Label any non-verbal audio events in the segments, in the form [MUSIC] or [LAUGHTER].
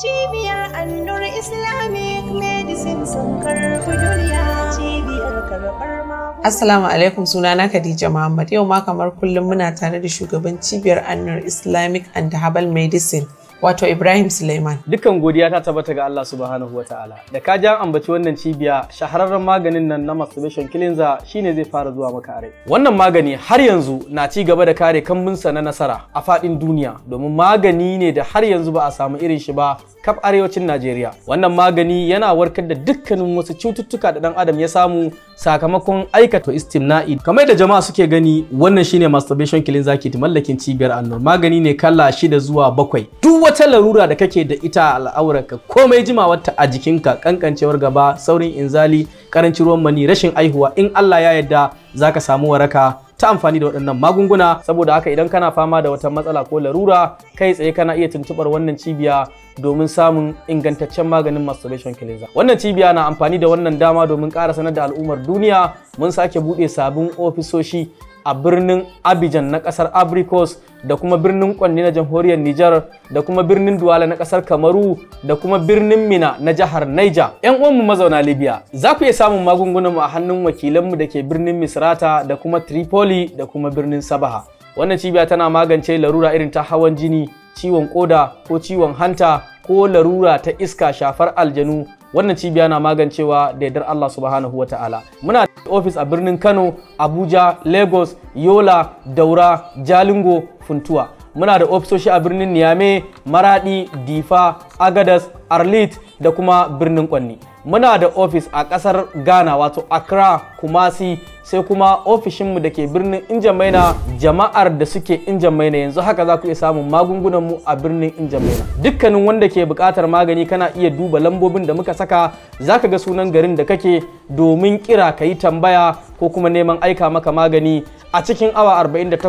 Cibiyar Annur Islamic Medicine sun karɓi duniya cibiyar karɓar magunguna. Assalamu alaikum na Khadija Muhammad yau ma kamar kullum muna tare da shugaban cibiyar Annur Islamic and Herbal Medicine wato Ibrahim Suleiman. Dukkan godiya ta tabbata ga Allah subhanahu wa ta'ala. Da ka ja ambaci wannan cibiya shahararren maganin nan na masturbation cleanser shine zai fara zuwa maka rai. Wannan magani har yanzu na ci gaba da kare sa na nasara a fadin duniya domin magani ne da har yanzu ba a samu irin shi ba kaf arewacin Najeriya. Wannan magani yana warkar da dukkanin wasu cututtuka da ɗan adam ya samu sakamakon aikata istimna'i kamar da jama'a suke gani wannan shine masturbation kilin zaki mallakin cibiyar annur magani ne kala shida zuwa bakwai duk wata larura da kake da ita a al'aurarka komai jimawarta a jikinka kankancewar gaba saurin inzali karancin ruwan mani rashin aihuwa in Allah ya yarda zaka samu waraka ta amfani da waɗannan magunguna saboda haka idan kana fama da wata matsala ko larura kai tsaye kana iya tuntuɓar wannan cibiya domin samun ingantaccen maganin masturbation cleanser. Wannan cibiya na amfani da wannan dama domin ƙara sanar da al'ummar duniya mun sake buɗe sabbin ofisoshi a birnin Abidjan na ƙasar Abrikos da kuma birnin Kwanne na jamhuriyar Niger, da kuma birnin Duwala na ƙasar Kamaru da kuma birnin Mina na jihar Niger. 'Yan uwanmu mazauna Libya za ku iya samun magungunanmu a hannun wakilanmu da ke birnin Misrata da kuma Tripoli da kuma birnin Sabaha. Wannan cibiya tana magance larura irin ta hawan jini, ciwon koda ko ciwon hanta ko larura ta iska shafar aljanu wannan cibiya na magancewa da yardar Allah subhanahu wa ta'ala muna da ofis a birnin Kano Abuja Lagos Yola Daura Jalingo Funtuwa muna da ofisoshi a birnin Niamey Maradi Difa Agadas Arlit da kuma birnin Kwanni muna da ofis a ƙasar Ghana wato Accra Kumasi sai kuma ofishinmu da ke birnin injamaina jama'ar da suke injamaina yanzu haka za ku iya samun magungunanmu a birnin injamaina dukkanin wanda ke buƙatar magani kana iya duba lambobin da muka saka za ka ga sunan garin da kake domin kira ka yi tambaya ko kuma neman aika maka magani a cikin awa 48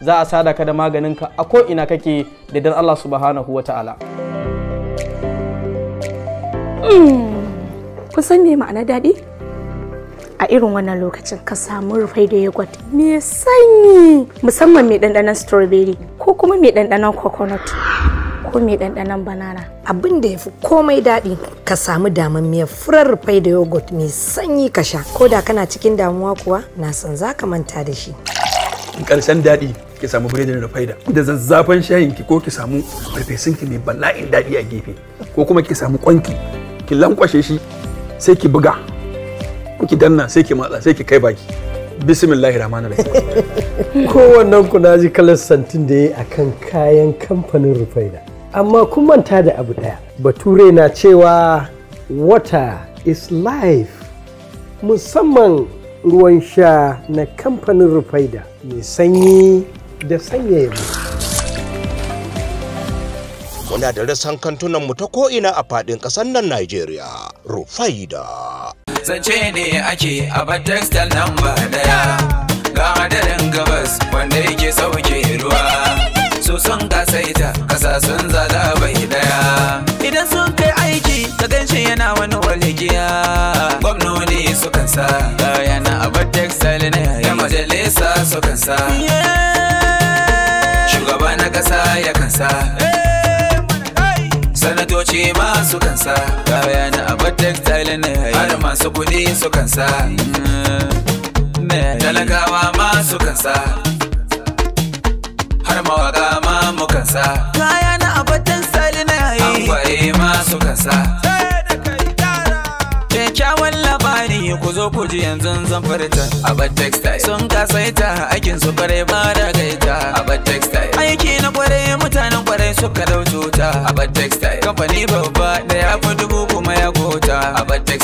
za a sada ka da maganinka a ko ina kake da dan Allah subhanahu wa ta'ala. Hmm, Kusan ne ma'ana daɗi? a irin wannan lokacin ka samu rufai da yogurt mai sanyi musamman mai ɗanɗanon strawberry ko kuma mai ɗanɗanon coconut ko mai ɗanɗanon banana abin da ya fi komai daɗi ka samu mai furar rufai da yogurt mai sanyi ka sha ko da kana cikin damuwa kuwa na san za ka manta da shi ƙarshen daɗi ki samu biredin da da zazzafan shayin ki ko ki samu farfesun ki mai bala'in daɗi a gefe ko kuma ki samu ƙwanki ki lankwashe shi sai ki buga kuki danna sai ki matsa sai ki kai baki bismillahi rahmanir rahim [LAUGHS] kowannen ku na ji kalar santin da yayi akan kayan kamfanin rufaida amma kun manta da abu daya bature na cewa water is life musamman ruwan sha na kamfanin rufaida mai sanyi da sanyaya mu muna da rasan kantunan mu ta ko'ina a faɗin ƙasar nan Najeriya. Rufaida. Zance ne ake a textile nan ba daya ga adadin gabas wanda yake sauke ruwa. su sun kasaita kasa sun zala bai daya. Idan sun kai aiki ka ganshi yana wani waligiya. Gwamnoni sukan sa kaya na a textile ne ya majalisa sukan sa. Shugaba na kasa ya kansa. sanatoci ma su kansa ga bayani a batek tsailin na har masu kuɗi su kansa mm. talakawa ma su kansa har mawaka ma mu kansa kaya na a batek tsailin na yayi an kwaye ma su kansa eh, yi ku zo ku ji yanzu zan farita Abad Textile sun kasaita aikin su kwarai ba da gaita Abad Textile aiki na kwarai mutanen kwarai suka dau cuta Abad Textile kamfani babba da ya fi dubu kuma ya gota Abad Textile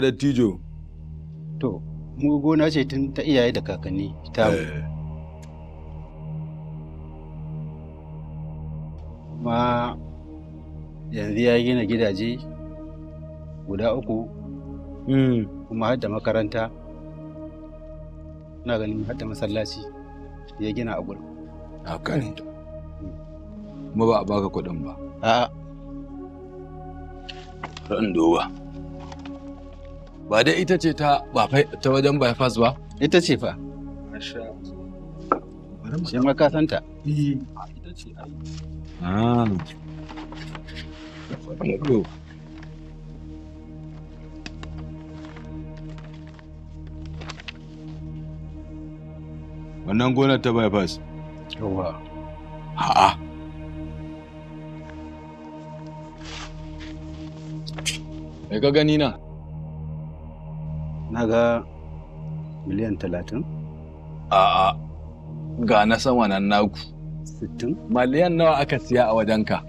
ka dattijo. To, mu gona ce tun ta iyaye da kakanni ta mu. Eh. Ma yanzu ya gina gidaje guda uku, hmm. kuma hadda makaranta, na ganin hadda masallaci ya gina a gurin. Haka ne. Hmm. Kuma ba a baka kudin ba. A'a. Ran duba. ba dai ita ce ta ba ta wajen bypass ba ita ce fa shi ma ka santa eh. ita ce ah. wannan gonar ta bypass yawa a'a me ka gani na na ga miliyan talatin? a ga na sama nan naku. Sittin? Miliyan nawa aka siya a wajenka?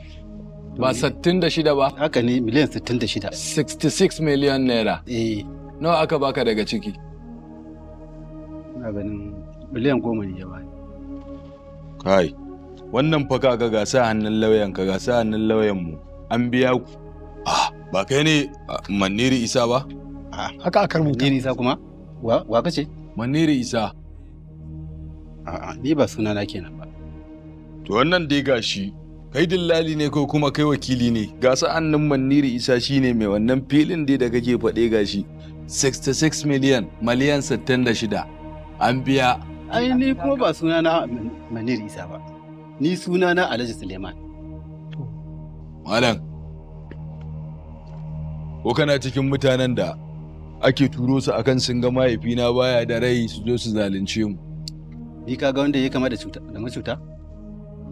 Ba sittin da shida ba? Haka ne miliyan sittin da shida. Sixty six miliyan naira. Eh. Nawa aka baka daga ciki? Na ganin miliyan goma ne ya Kai, wannan fa kaga ga sa hannun lauyan ka ga sa hannun lauyan mu. An biya ku. Ah, ba kai ne ah, Maniri Isa ba? haka aka rubuta maniri isa kuma wa wa kace maniri isa a'a ni ba suna na kenan ba to wannan dai gashi kai dillali ne ko kuma kai wakili ne ga sa'annin maniri isa shine mai wannan filin dai da kake faɗe gashi 66 miliyan miliyan 66 an biya ai ni kuma ba suna na maniri isa ba ni suna na alhaji suleiman malam ko kana cikin mutanen da ake turo su akan sun ga mahaifina baya da rai su zo su zalunce mu ni ka ga wanda ya kama da cuta da cuta?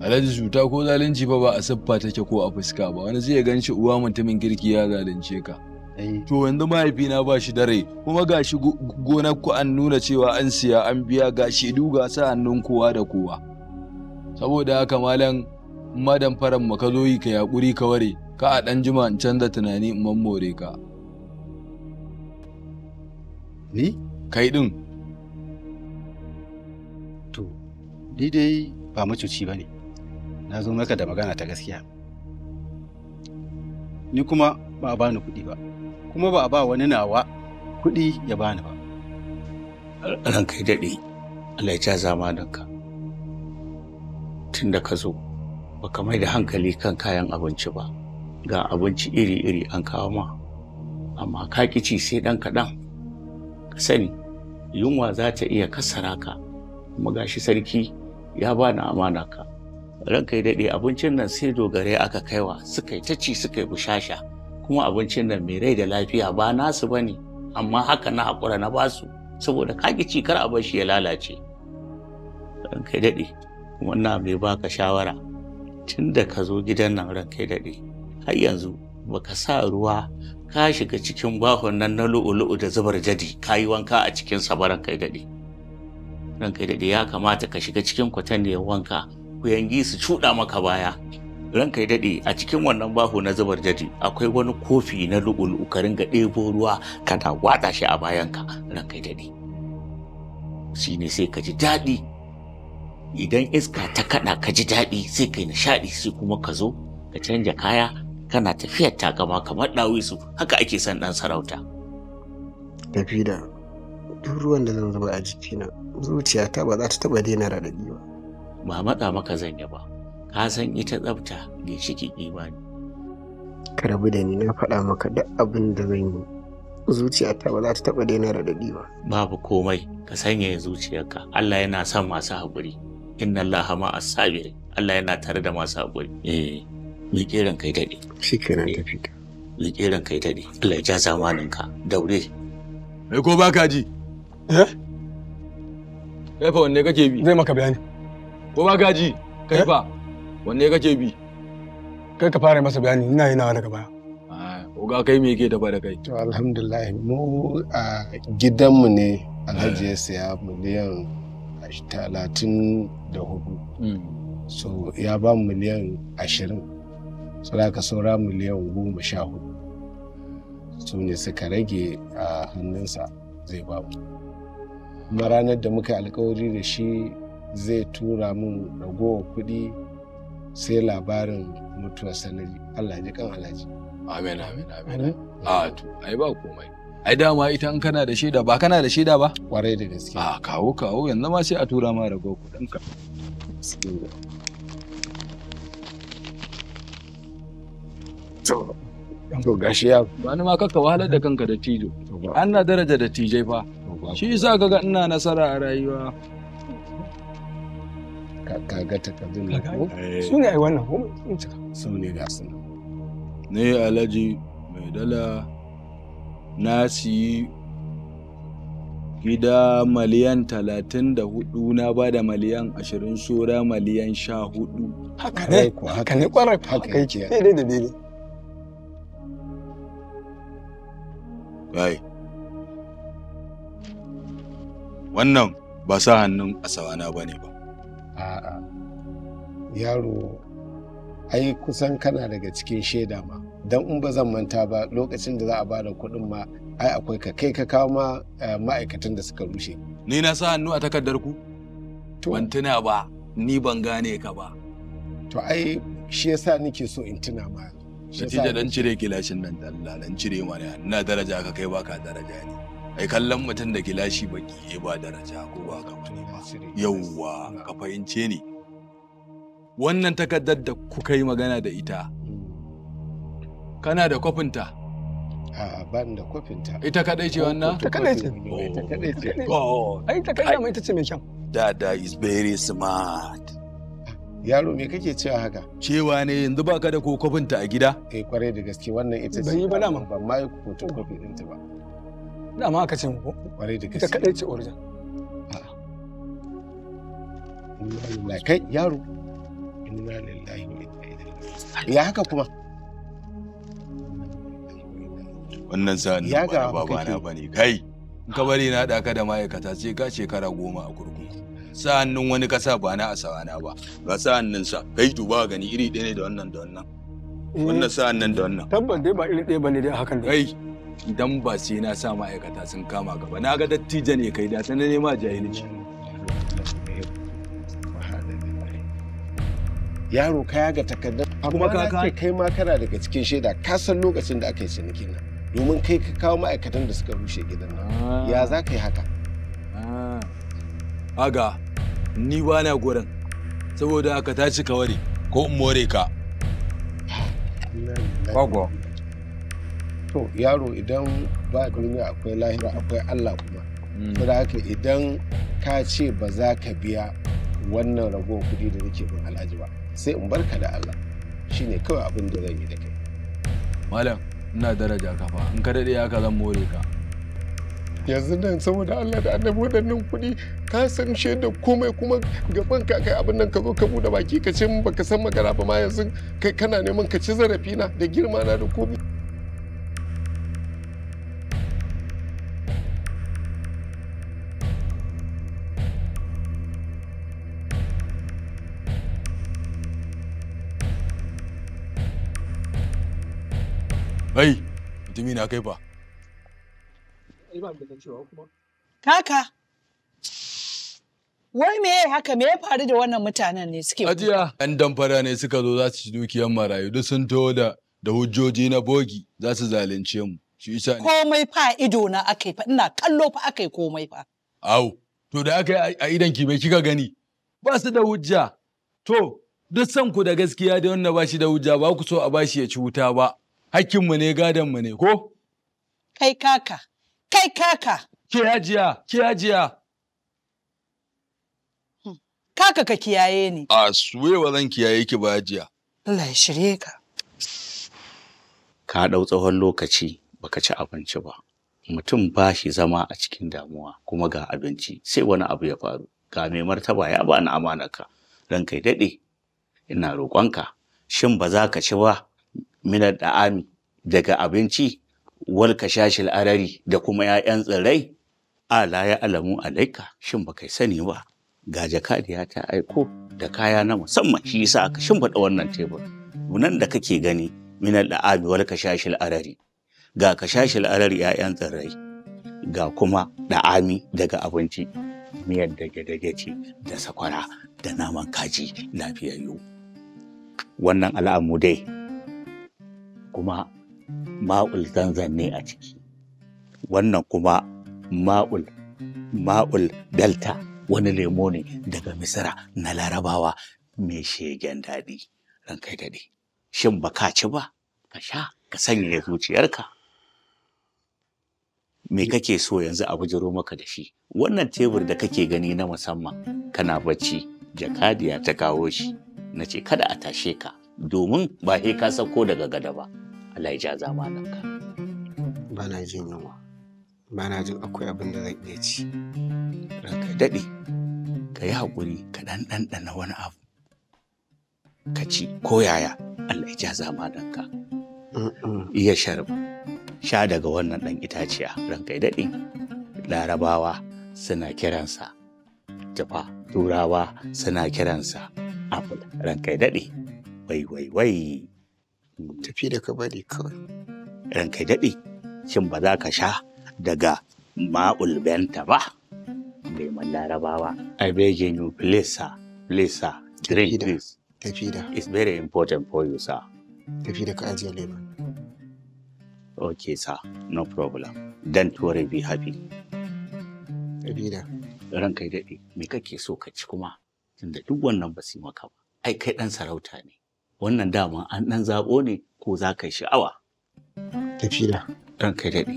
alhaji cuta ko zalunci fa ba a siffa take ko a fuska ba wani zai gan shi uwa mutumin girki ya zalunce ka eh. to yanzu mahaifina ba shi da rai kuma ga shi gonar ku an nuna cewa an siya an biya ga shaidu ga sa hannun kowa da kowa saboda haka malam madan faran maka zo yi ka yaƙuri ka ware ka a ɗan jima in canza tunani in mammore ka Ni? Kai ɗin. To, ni dai ba macuci ba ne. Na zo maka da magana ta gaskiya. Ni kuma ba a ni kuɗi ba, kuma ba a ba wani nawa kuɗi ya bani ba. Ranka ya daɗe, Allah ya ja zamaninka. Tun da ka zo, baka mai da hankali kan kayan abinci ba. Ga abinci iri-iri an kawo ma, amma ka ci sai ɗan kaɗan. sani yunwa za ta iya kasara ka kuma gashi sarki ya bani amana ka ranka ya daɗe abincin nan sai dogare aka kaiwa suka yi ta suka yi bushasha kuma abincin nan mai rai da lafiya ba nasu ba ne amma haka na haƙura na basu saboda kaki ci kar a bar shi ya lalace ranka ya daɗe kuma ina mai baka shawara tun da ka zo gidan nan ranka ya daɗe har yanzu baka sa ruwa ka shiga cikin bahon nan na lu'ulu'u da zubar jadi ka yi wanka a cikin sabaran kai daɗi. ran kai daɗi ya kamata ka shiga cikin kwatan da wanka ku yangi su cuɗa maka baya ran kai daɗe a cikin wannan baho na zubar jadi akwai wani kofi na lu'ulu'u ka ringa ɗebo ruwa kana watsa shi a bayanka ran kai daɗi. shi ne sai ka ji daɗi idan iska ta kaɗa ka ji daɗi sai kai nishaɗi sai kuma ka zo ka canja kaya kana tafiyar takama kamar ɗawisu haka ake son ɗan sarauta Tafida, duk ruwan da zan zuba a jikina zuciyata ba za ta taba daina raɗaɗi ba ba matsa maka zan yi ba ka san ita tsafta shi imani ka rabu da ni na faɗa maka duk abin da zan yi zuciyata ba za ta taba daina raɗaɗi ba babu komai ka sanya zuciyarka Allah yana son masu haƙuri inna Allah ma as Allah yana tare da masu haƙuri eh Rike ranka ya daɗe. Shi kenan ta fita. Rike ranka ya daɗe. Allah ya ja zamaninka. Daure. Mai ko baka ji? Eh? Kaifa fa wanne kake bi? Zai maka bayani. Ko baka ji? Kaifa eh? fa wanne kake bi? Kai ka fara masa bayani ina yana daga baya. Ah, oga kai me yake tafa da kai? To alhamdulillah mu a gidanmu ne Alhaji eh. ya siya miliyan talatin da hudu. Hmm. So ya ba miliyan ashirin. ka saura miliyan goma sha hudu su ne suka rage a hannunsa zai ba mu kuma ranar da muka alkawari da shi zai tura min ragowar kuɗi sai labarin mutuwar sanari allah ji kan alhaji amin amin amin a to ai ba komai ai dama ita in kana da shaida ba kana da shaida ba kwarai da gaske a kawo kawo yanzu ma sai a tura ma ragowar ka to gashi ya wani ma kaka wahalar da kanka da tijo an na daraja da tijai fa shi yasa kaga ina nasara a rayuwa ta takardun na ko eh. su ne ai wannan ko su ne da su ne alaji mai dala na siyi gida miliyan talatin da hudu na ba da miliyan ashirin sura miliyan sha hudu haka ne haka ne kwarai haka yake daidai da daidai Kai. Wannan ba sa hannun asawana ba ne ba. A'a. Yaro, ai kusan kana daga cikin shaida ma. Don in ba zan manta ba lokacin da za a bada kuɗin ma ai akwai ka kai ka kawo ma eh, ma'aikatan da suka rushe. Ni na sa hannu a takardar ku? Ban tuna ba, ni ban gane ka ba. To ai shi yasa nake so in tuna ma Natija dan cire gilashin nan Allah dan cire mana ina daraja ka kai baka daraja ne. Ai kallon mutum da gilashi baki ya ba daraja ko ba ka bane ba. Yawwa ka fahimce ni. Wannan takardar da kuka yi magana da ita. Hmm. Kana da kwafinta? ban da kofinta Ita kadai ce wannan? Ita kadai ce. Ita kadai ce. Oh. Ai ta kadai ita ce mai kyau. Dada is very smart. yaro me kake cewa haka cewa ne yanzu baka da kokobinta a gida eh kwarai da gaske wannan ita ce ba ma ban ma yi din ta ba ma aka ce ko. kwarai da gaske ka kadai ce orjan Allah kai yaro inna lillahi wa inna ilaihi ya haka kuma wannan sa'an nan ba babana bane kai kabari na daka da ma'aikata sai ka shekara goma a kurkuku sa'annin wani kasa ba na asawana ba ga sa'annin sa kai duba gani iri ɗaya ne da wannan da wannan eh. wannan sa'annin da wannan tabbas dai ba iri ɗaya bane dai hakan dai idan ba sai na sa ma'aikata sun kama gaba na ga dattijo ne kai da ta na nema jahilci yaro kaya ga takardar kuma kaka kai ma kana daga cikin shaida ka san lokacin da aka yi ciniki nan domin kai ka kawo ma'aikatan da suka rushe gidan nan ah. ya za ka yi haka Haga, ni ba na gurin, saboda aka tashi ka ware ko in more ka. Gwagwa. To, yaro idan ba duniya akwai lahira akwai Allah kuma. Hmm. Saboda haka idan ka ce ba za ka biya wannan rago kuɗi da nake bin alhaji ba, sai in barka da Allah. Shi ne kawai abin da zan yi da kai. Malam, ina daraja ka fa, in ka daɗe haka zan more ka. yanzu nan saboda Allah da annabi waɗannan kuɗi ka san da komai kuma gaban ka kai abin nan ka zo ka bude baki ka ce min baka san magana ba ma yanzu kai kana neman ka ci zarafi na da girma na da komai Ai, mutumi na kai ba da cewa kuma. Kaka. Wai me haka me ya faru da wannan mutanen ne suke Ajiya yan damfara ne suka zo za su ci dukiyar marayu duk sun taho da da hujjoji na bogi za su zalunce mu. Shi isa Komai fa ido na aka yi fa ina kallo fa aka yi komai fa. Au, to da aka yi a idan ki bai kika gani. Ba su da hujja. To, duk san ku da gaskiya da wannan ba shi da hujja ba ku so a bashi ya ci wuta ba. Hakkinmu ne gadonmu ne ko? Kai kaka, kai kaka. Ke hajiya, ke hajiya. Hmm. Kaka ka kiyaye ni. A wa zan kiyaye ki ba hajiya. Allah ya shirye ka. Ka ɗau tsawon lokaci baka ci abinci ba. Mutum ba shi zama a cikin damuwa kuma ga abinci sai wani abu ya faru. Ga mai martaba ya bani amanarka. Ran kai daɗe. Ina roƙonka. Shin ba za ka ci ba minar da'ami daga abinci wal kashashil arari da kuma ‘ya'yan tsirrai, ala ya alamu alaika shin ba kai sani ba, ga jaka jakadiya ta aiko da kaya na musamman shi yasa aka shimfiɗa wannan tebur. Nan da kake gani minal da'abi wal kashashil arari, ga kashashil arari ‘ya'yan tsirrai, ga kuma da'ami daga abinci, miyar dage-dage ce da sakwara da naman kaji lafiyayyu. Wannan al'amu dai kuma ma'ul zanzan ne a ciki wannan kuma ma'ul ma'ul delta wani lemo ne daga misira na larabawa mai shegen daɗi kai daɗi shin ba ka ci ba ka sha ka sanya ya zuciyarka me kake so yanzu a bujiro maka da shi wannan tebur da kake gani na musamman kana bacci jakadiya ta kawo shi na ce kada a tashe ka domin ba he ka sauko daga gada ba Allah ya ja zamaninka. Ba na jin yunwa, ba na jin akwai abin da zan iya ci. Ranka daɗe, ka yi haƙuri ka ɗan ɗanɗana wani abu. Ka ci ko yaya Allah ya ja zamaninka. Iya sharba, sha daga wannan ɗan itaciya ranka daɗe. Larabawa suna kiransa jafa, turawa suna kiransa apple ranka daɗe. Wai wai wai. tafi da ka bari kawai ranka daɗe shin ba za ka sha daga ma'ul benta ba bai man larabawa i beg you please sir please sir drink this tafi da it's very important for you sir tafi da ka ajiye lemon. okay sir no problem don't worry be happy tafi da ranka daɗe me kake so ka ci kuma tunda duk wannan ba su yi maka ba ai kai ɗan sarauta ne wannan dama an ɗan zaɓo ne ko za ka yi sha'awa. Tafila. Ran kai daɗe.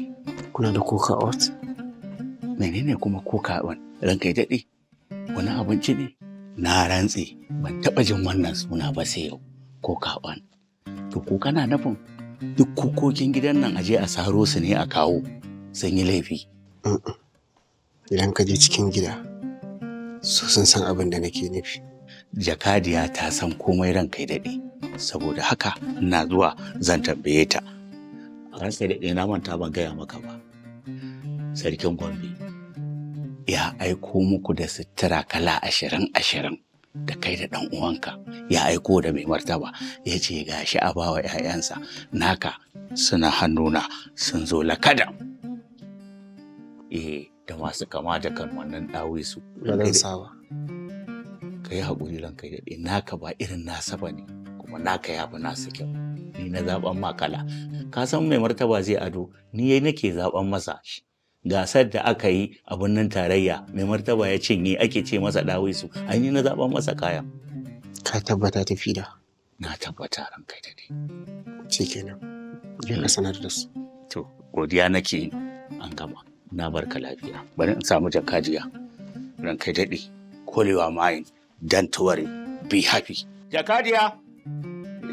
Kuna da koka out? Menene kuma koka out? Ran kai daɗe. Wani abinci ne? Na rantse ban taɓa jin wannan suna ba sai yau. Koka out. To ko kana nufin duk kukokin gidan nan aje a saro su ne a kawo sun yi laifi. Idan ka je cikin gida, su sun san abin da nake nufi. Jakadiya ta san komai ran kai daɗe. saboda haka na zuwa zan tambaye ta ransa da na manta ban gaya maka ba sarkin gombe ya aiko muku da sutura kala ashirin ashirin da kai da ɗan uwanka ya aiko da mai martaba ya ce ga shi a bawa 'ya'yansa naka suna hannuna sun zo lakada e da masu kama da kan wannan ɗawe su ka yi haƙuri ranka daɗe naka ba irin nasa ba ne kuma naka abu na nasu kyau ni na zaɓen makala ka san mai martaba zai ado ni yayi nake zaɓen masa gasar da aka yi a birnin tarayya mai martaba ya cinye ake ce masa dawisu ai ni na zaɓen masa kaya ka tabbata tafi da na tabbata ran kai ni ce kenan ya na sanar da su to godiya nake an gama na bar ka lafiya bari in samu jakajiya ran kai daɗe kolewa mayin dan tuware be happy jakadiya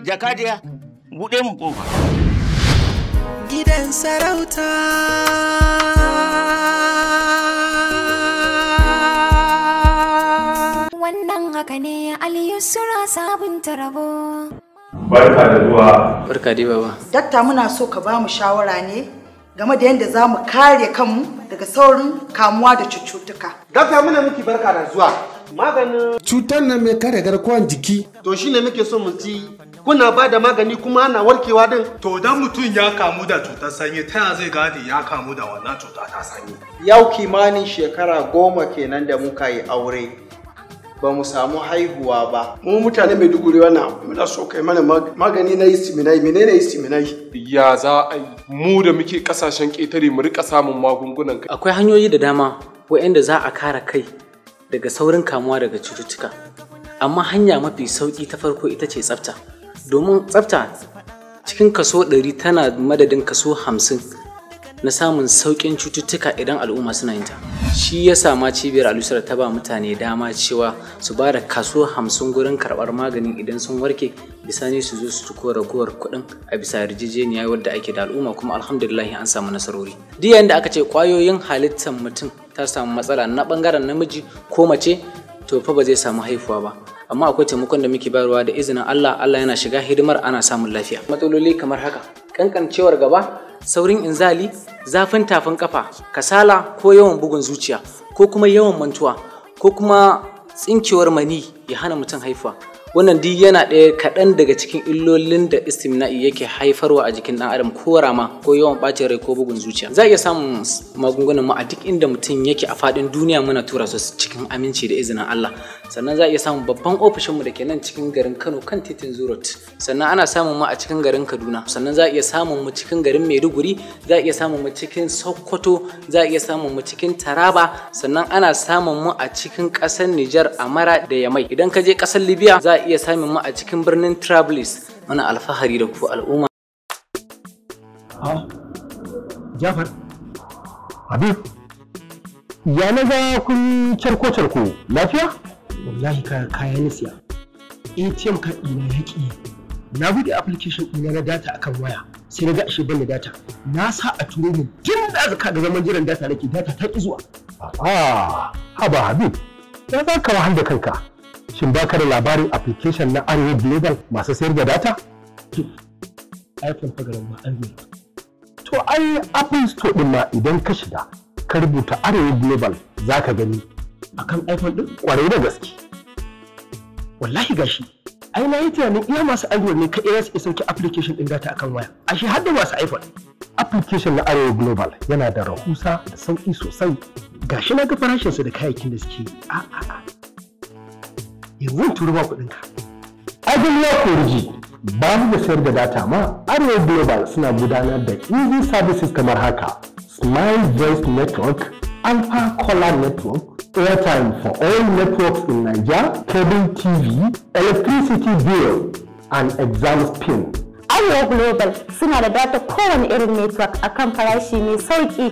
Jakadiya, buɗe mu kofa. Gidan sarauta. Wannan haka ne Aliyu sabunta rabo. Barka da zuwa. Barka dai baba. Dakta muna so ka ba mu shawara ne game da yadda za mu kare kanmu daga saurin kamuwa da cututtuka. Dakta muna miki barka da zuwa. maganin cutar nan mai kare garkuwan jiki to ne muke so mu ji kuna ba da magani kuma ana warkewa din to dan mutum ya kamu da cutar sanyi ta yaya zai gane ya kamu da wannan cuta ta sanyi yau kimanin shekara goma kenan da muka yi aure ba mu samu haihuwa ba mu mutane mai duguri na muna so kai mana magani na istiminai menene istiminai ya za a yi mu da muke kasashen ƙetare mu rika samun magungunan kai. akwai hanyoyi da dama waɗanda za a kare kai daga saurin kamuwa daga cututtuka amma hanya mafi sauƙi ta farko ita ce tsafta domin tsafta cikin kaso 100 tana madadin kaso 50 na samun sauƙin cututtuka idan al'umma suna yin ta shi ya sama cibiyar alusar ta ba mutane dama cewa su ba da kaso 50 gurin karɓar maganin idan sun warke bisa ne su zo su tuko ragowar kuɗin a bisa yarjejeniya wadda ake da al'umma kuma alhamdulillah an samu nasarori duk yayin da aka ce kwayoyin halittar mutum ta samu matsala na bangaren namiji ko mace to fa ba zai samu haifuwa ba amma akwai taimakon da muke bayarwa da izinin Allah Allah yana shiga hidimar ana samun lafiya matsaloli kamar haka kankancewar gaba saurin inzali zafin tafin kafa kasala ko yawan bugun zuciya ko kuma yawan mantuwa ko kuma tsinkewar mani ya hana mutum haifuwa wannan duk yana ɗaya kaɗan daga cikin illolin da istimna'i yake haifarwa a jikin ɗan adam ko rama ko yawan ɓacin rai ko bugun zuciya za a iya samun magungunan mu a duk inda mutum yake a faɗin duniya muna tura su cikin aminci da izinin Allah sannan za a iya samun babban ofishin mu da ke nan cikin garin Kano kan titin Zurot sannan ana samun mu a cikin garin Kaduna sannan za a iya samun mu cikin garin Maiduguri za a iya samun mu cikin Sokoto za a iya samun mu cikin Taraba sannan ana samun mu a cikin ƙasar Nijar Amara da Yamai idan ka je ƙasar Libya iya samun mu a cikin birnin Trablis mana alfahari da ku al'umma. Jafar, Habib, ya na ga kun carko-carko lafiya? Wallahi ka kaya na siya. ATM card ɗina ya Na buɗe application ɗina na data akan waya sai na ga ashe ban da data. Na sa a turo mu tun da zaka da zaman jiran data nake data ta ƙi A'a, haba Habib, ya za ka wahal da kanka. shin baka da labarin application na arewa global masu sayar da data iphone ta garin ma to ai apple store din ma idan ka shiga ka rubuta arewa global za ka gani akan iphone din kwarai da gaske wallahi gashi ai na yi tunanin iya masu iphone ne ka iya su sauke application din data akan waya ashe har da masu iphone application na arewa global yana da rahusa da sauki sosai gashi na ga farashinsa da kayayyakin da suke a'a yanzu turu ba kuɗin ka ya koriji ba da sayar da data ma arewa global suna gudanar da easy services kamar haka smile voice network alpha collar network airtime for all networks in nigeria cable tv electricity bill and exam spin Arewa Global suna da data kowane irin network a kan farashi mai sauƙi.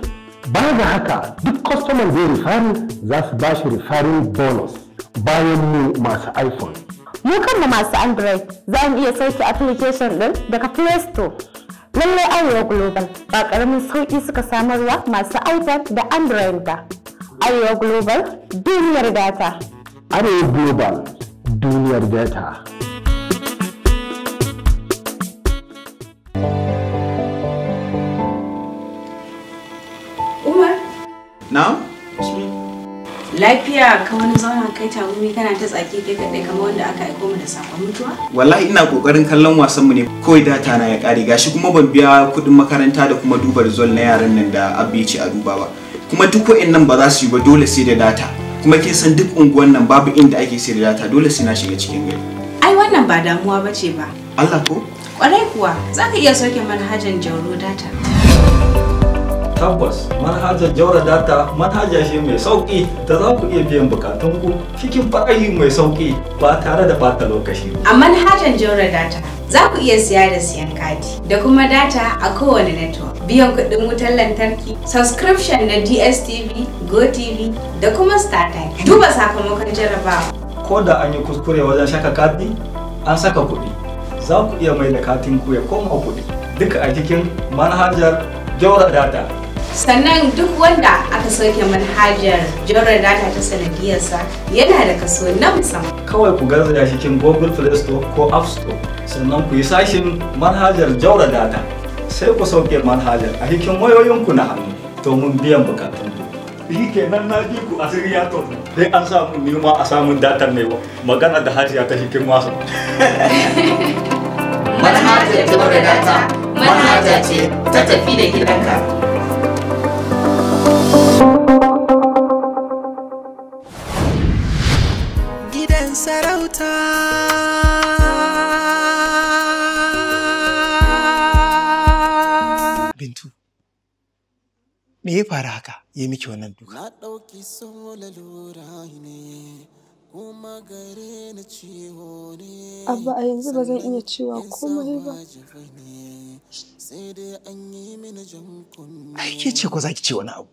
Ba da haka duk kwastoman zai rifarin za su ba shi rifarin bonus. bayan mu masu iphone mu kanmu masu android za mu iya sauke application din daga play store lallai arewa global ba ƙaramin sauki suka samarwa masu ipad da android ba arewa global duniyar data arewa global duniyar data Umar? Now? lafiya ka wani zauna kai tagumi kana ta tsaki kai kaɗai kamar wanda aka aiko mu da sakon mutuwa? Wallahi ina kokarin kallon wasan mu ne kawai data na ya ƙare gashi kuma ban biya kuɗin makaranta da kuma dubar zol na yaran nan da abbi ce a duba ba. Kuma duk nan ba za su yi ba dole sai da data. Kuma kin san duk unguwan nan babu inda ake sai da data dole sai na shiga cikin gari. Ai wannan ba damuwa ba ce ba. Allah ko? Kwarai kuwa za ka iya sauke manhajan Jauro data. tabbas manhajar jaura data manhaja ce mai sauƙi da za ku iya biyan bukatun ku cikin farashi mai sauƙi ba tare da bata lokaci. A manhajar jaura data za ku iya siya da siyan kati da kuma data a kowane network biyan kuɗin wutar lantarki subscription na DSTV, GoTV da kuma StarTime duba sakamakon jarabawa. Ko da an yi kuskure wajen shaka kati an saka kuɗi za ku iya mai da katin ku ya koma kuɗi duka a cikin manhajar jaura data. sannan duk wanda aka soke manhajar jirgin data ta sanadiyarsa yana da kaso na musamman kawai ku garzaya cikin google play store ko app store sannan ku yi sashin manhajar jaura data sai ku sauke manhajar a cikin wayoyinku na hannu domin biyan bukatun yi nan na ji ku a ya to dai an samu nima a samun data ne magana da hajiya ta cikin wasu [LAUGHS] manhajar jaura data manhaja ce ta tafi da gidanka kyauta. Bintu, me ya faru haka ya miki wannan duka? Na ɗauki sola lura ne, kuma gare na ciwo ne. Abba a yanzu ba zan iya cewa komai ba. Sai dai an yi mini jan kunne. Ai ke ce ko za ki ce wani abu?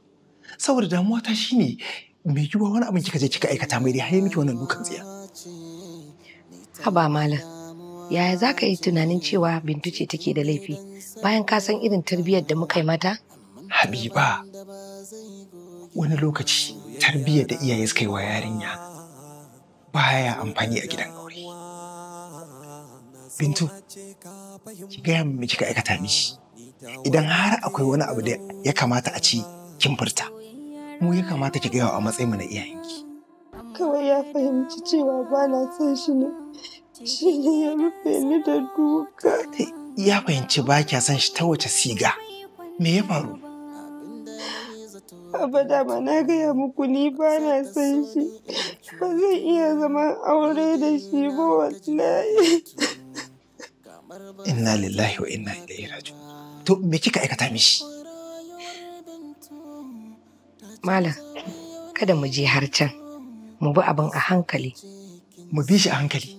Saboda damuwa ta shine mai yiwuwa wani abin kika je kika aikata mai dai har miki wannan dukan tsiya. Haba malam, yaya za ka yi tunanin cewa Bintu ce take da laifi bayan ka san irin tarbiyyar da muka yi mata? Habiba, wani lokaci tarbiyyar da iyaye suka yi wa yarinya baya amfani a gidan aure. Bintu, ki gaya min kika aikata mishi. Idan har akwai wani abu da ya kamata a ci kin furta, mu ya kamata ki gaya a matsayin mu na iyayenki. Kawai ya fahimci cewa ba na son shi ne. shi ya rufe ni da duka. Ya fahimci ba kya san shi ta wace siga. Me ya faru? Abada ma na gaya muku ni ba na san shi. Ba zan iya zaman aure da shi ba wallahi. Inna lillahi wa inna ilaihi raji'un. To me kika aikata mishi? Malam, kada mu je har can. Mu bi abin a hankali. Mu bi shi a hankali.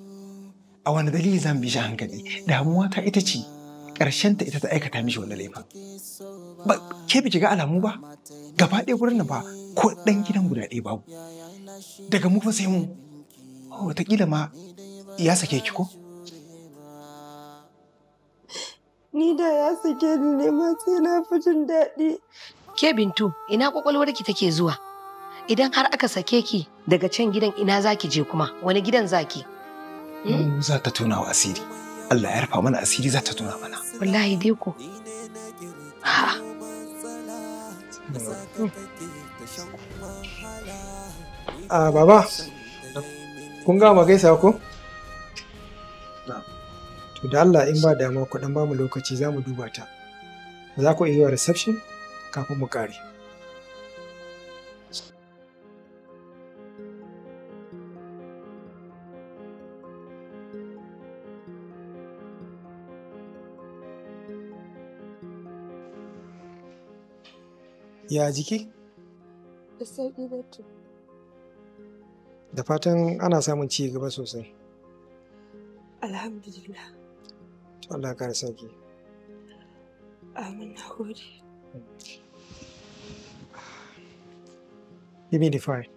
a wani dalili zan bi shi hankali damuwa ta ita ce ƙarshen ta ita ta aikata mishi wani laifin ba ke bi ga alamu ba gaba ɗaya wurin ba ko ɗan gidan guda ɗaya babu daga mu fa sai mu wataƙila ma ya sake ki ko ni da ya sake ni ne ma sai na fi jin daɗi ke bintu ina kwakwalwarki take zuwa idan har aka sake ki daga can gidan ina zaki je kuma wani gidan zaki Mm? Mm, za ta tona wa asiri Allah ya rufa mana asiri za ta tona mana wallahi dai ko ha a ah, baba kun gama gaisa ko to da Allah in ba damuwa ku dan ba mu lokaci za mu duba ta za ku iya reception kafin mu kare Ya jiki? Da sauƙi batu. Da fatan ana samun ci gaba sosai. Alhamdulillah. To Allah ka sauki. Amin na gode. Give me the fire. file.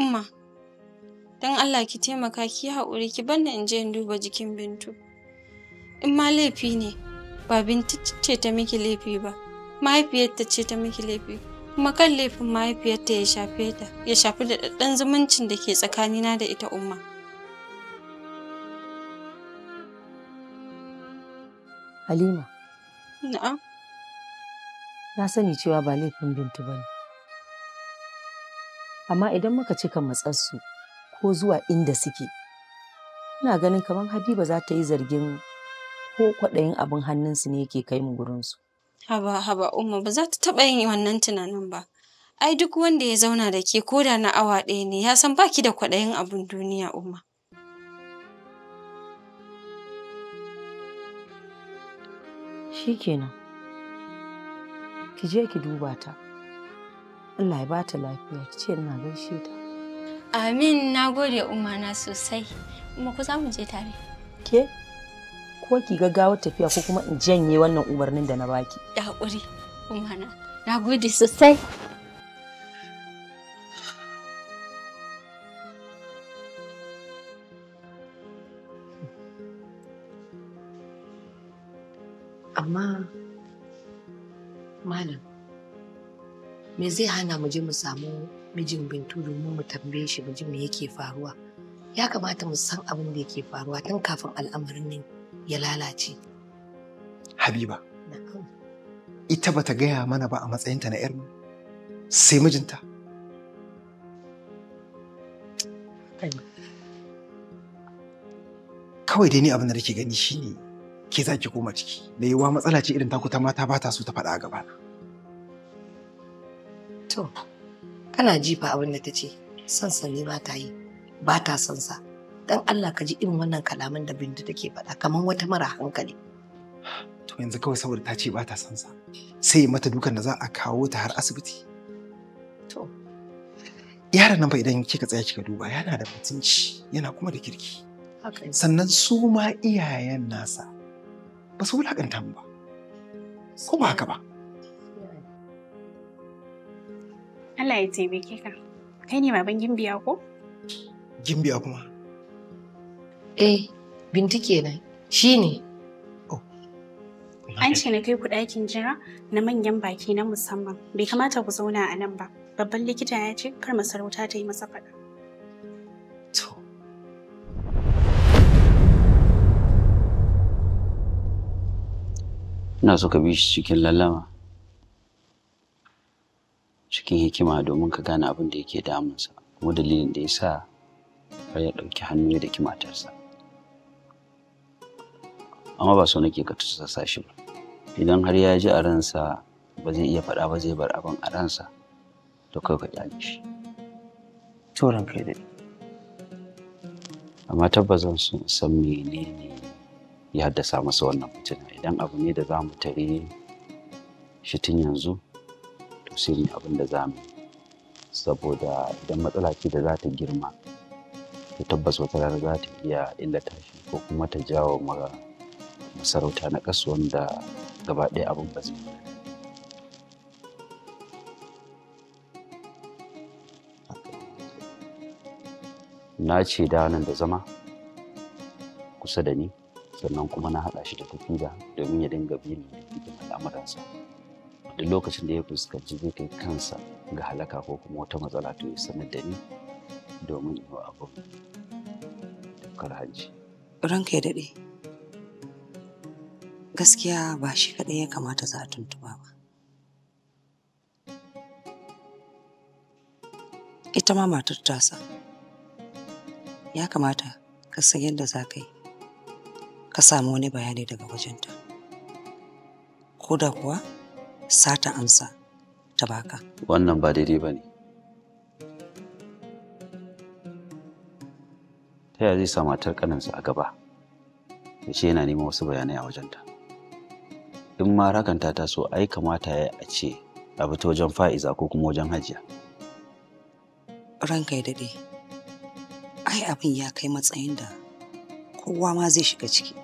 Umma. don Allah ki taimaka ki haƙuri ki banna in je in duba jikin Bintu. In ma laifi ne, ba Bintu ce ta miki laifi ba, mahaifiyarta ce ta miki laifi, kuma kan laifin mahaifiyarta ya shafe ta, ya shafi da ɗaɗɗan zumuncin da ke tsakanina da ita umma. Halima. Na'am. Na sani cewa ba laifin Bintu ba ne. Amma idan muka cika matsarsu, ko zuwa inda suke ina ganin kamar habiba za ta yi zargin ko kwaɗayin abin hannunsu ne yake kai mu gurinsu haba haba umma ba za ta taɓa yin wannan tunanin ba ai duk wanda ya zauna da ke ko da na awa ɗaya ne ya san baki da kwaɗayin abin duniya umma shikenan ki je ki duba ta Allah ya ba ta lafiya ki ce ina gaishe ta Amin na gode umana sosai. Kuma ku za mu je tare. Ke? Ko ki gaggawa tafiya ko kuma in janye wannan umarnin da na baki. Da haƙuri umana. Na gode sosai. me zai hana mu je mu samu mijin bintu domin mu tambaye shi mu ji me yake faruwa ya kamata mu san abin da yake faruwa tun kafin al'amarin nan ya lalace habiba ita bata gaya mana ba a matsayinta na yar sai mijinta kawai dai ni abin da nake gani shine ke za koma ciki da yawa matsala ce irin taku ta mata ba ta so ta faɗa a gabana. To, kana jifa abin da ta ce, son sa ne ba ta yi, ba ta son sa. Dan Allah ka ji irin wannan kalaman da Binta take faɗa kamar wata mara hankali. To yanzu kawai saboda ta ce ba ta son sa. Sai mata dukan da za a kawo ta har asibiti. To, yaran nan fa idan kika tsaya kika duba yana da mutunci yana kuma da kirki. Sannan su ma iyayen nasa ba su wulakanta mu ba. Ko ba haka ba? Allah ya taimake ka. Kai ne baban gimbiya ko? Gimbiya kuma? Eh, binti kenan. Shi ne. Oh. An ce na kai ku ɗakin jira na manyan baki na musamman. Bai kamata ku zauna a nan ba. Babban likita ya ce kar masarauta ta yi masa faɗa. Ina so ka bi shi cikin lallama. cikin hikima domin ka gane abin da yake damunsa kuma dalilin da ya sa har ya ɗauki hannu ya daki matarsa amma ba so nake ka tusa shi ba idan har ya ji a ransa ba zai iya faɗa ba zai bar abin a ransa to kai ka kyale shi to kai dai amma tabba zan san menene ya haddasa masa wannan fitina idan abu ne da za mu tare shi tun yanzu wato sai abin da za mu saboda idan matsala ce da za ta girma ta tabbas wata rana za ta iya illata shi ko kuma ta jawo mara masarauta na ƙasa wanda gaba ɗaya abin ba zai na ce da nan da zama kusa da ni sannan kuma na haɗa shi da tafiya domin ya dinga bin al'amuransa. Da lokacin da ya fuskanci zai kansa ga halaka ko kuma wata matsala to ya sanar da ni domin yi wa abu dokar hajji. Ranka ya daɗe. Gaskiya ba shi kaɗai ya kamata za a tuntuba ba. Ita ma matar tasa. Ya kamata ka san yadda za ka yi. Ka samu wani bayani daga wajenta. Ko da kuwa? sata amsa ta baka. Wannan ba daidai ba ne. Ta yaya zai sa matar ƙaninsa a gaba ya ce yana neman wasu bayanai a wajenta. In ma rakanta ta so ai kamata ya a ce a bi ta wajen fa'iza ko kuma wajen hajiya. Ranka ya daɗe, ai abin ya kai matsayin da kowa ma zai shiga ciki.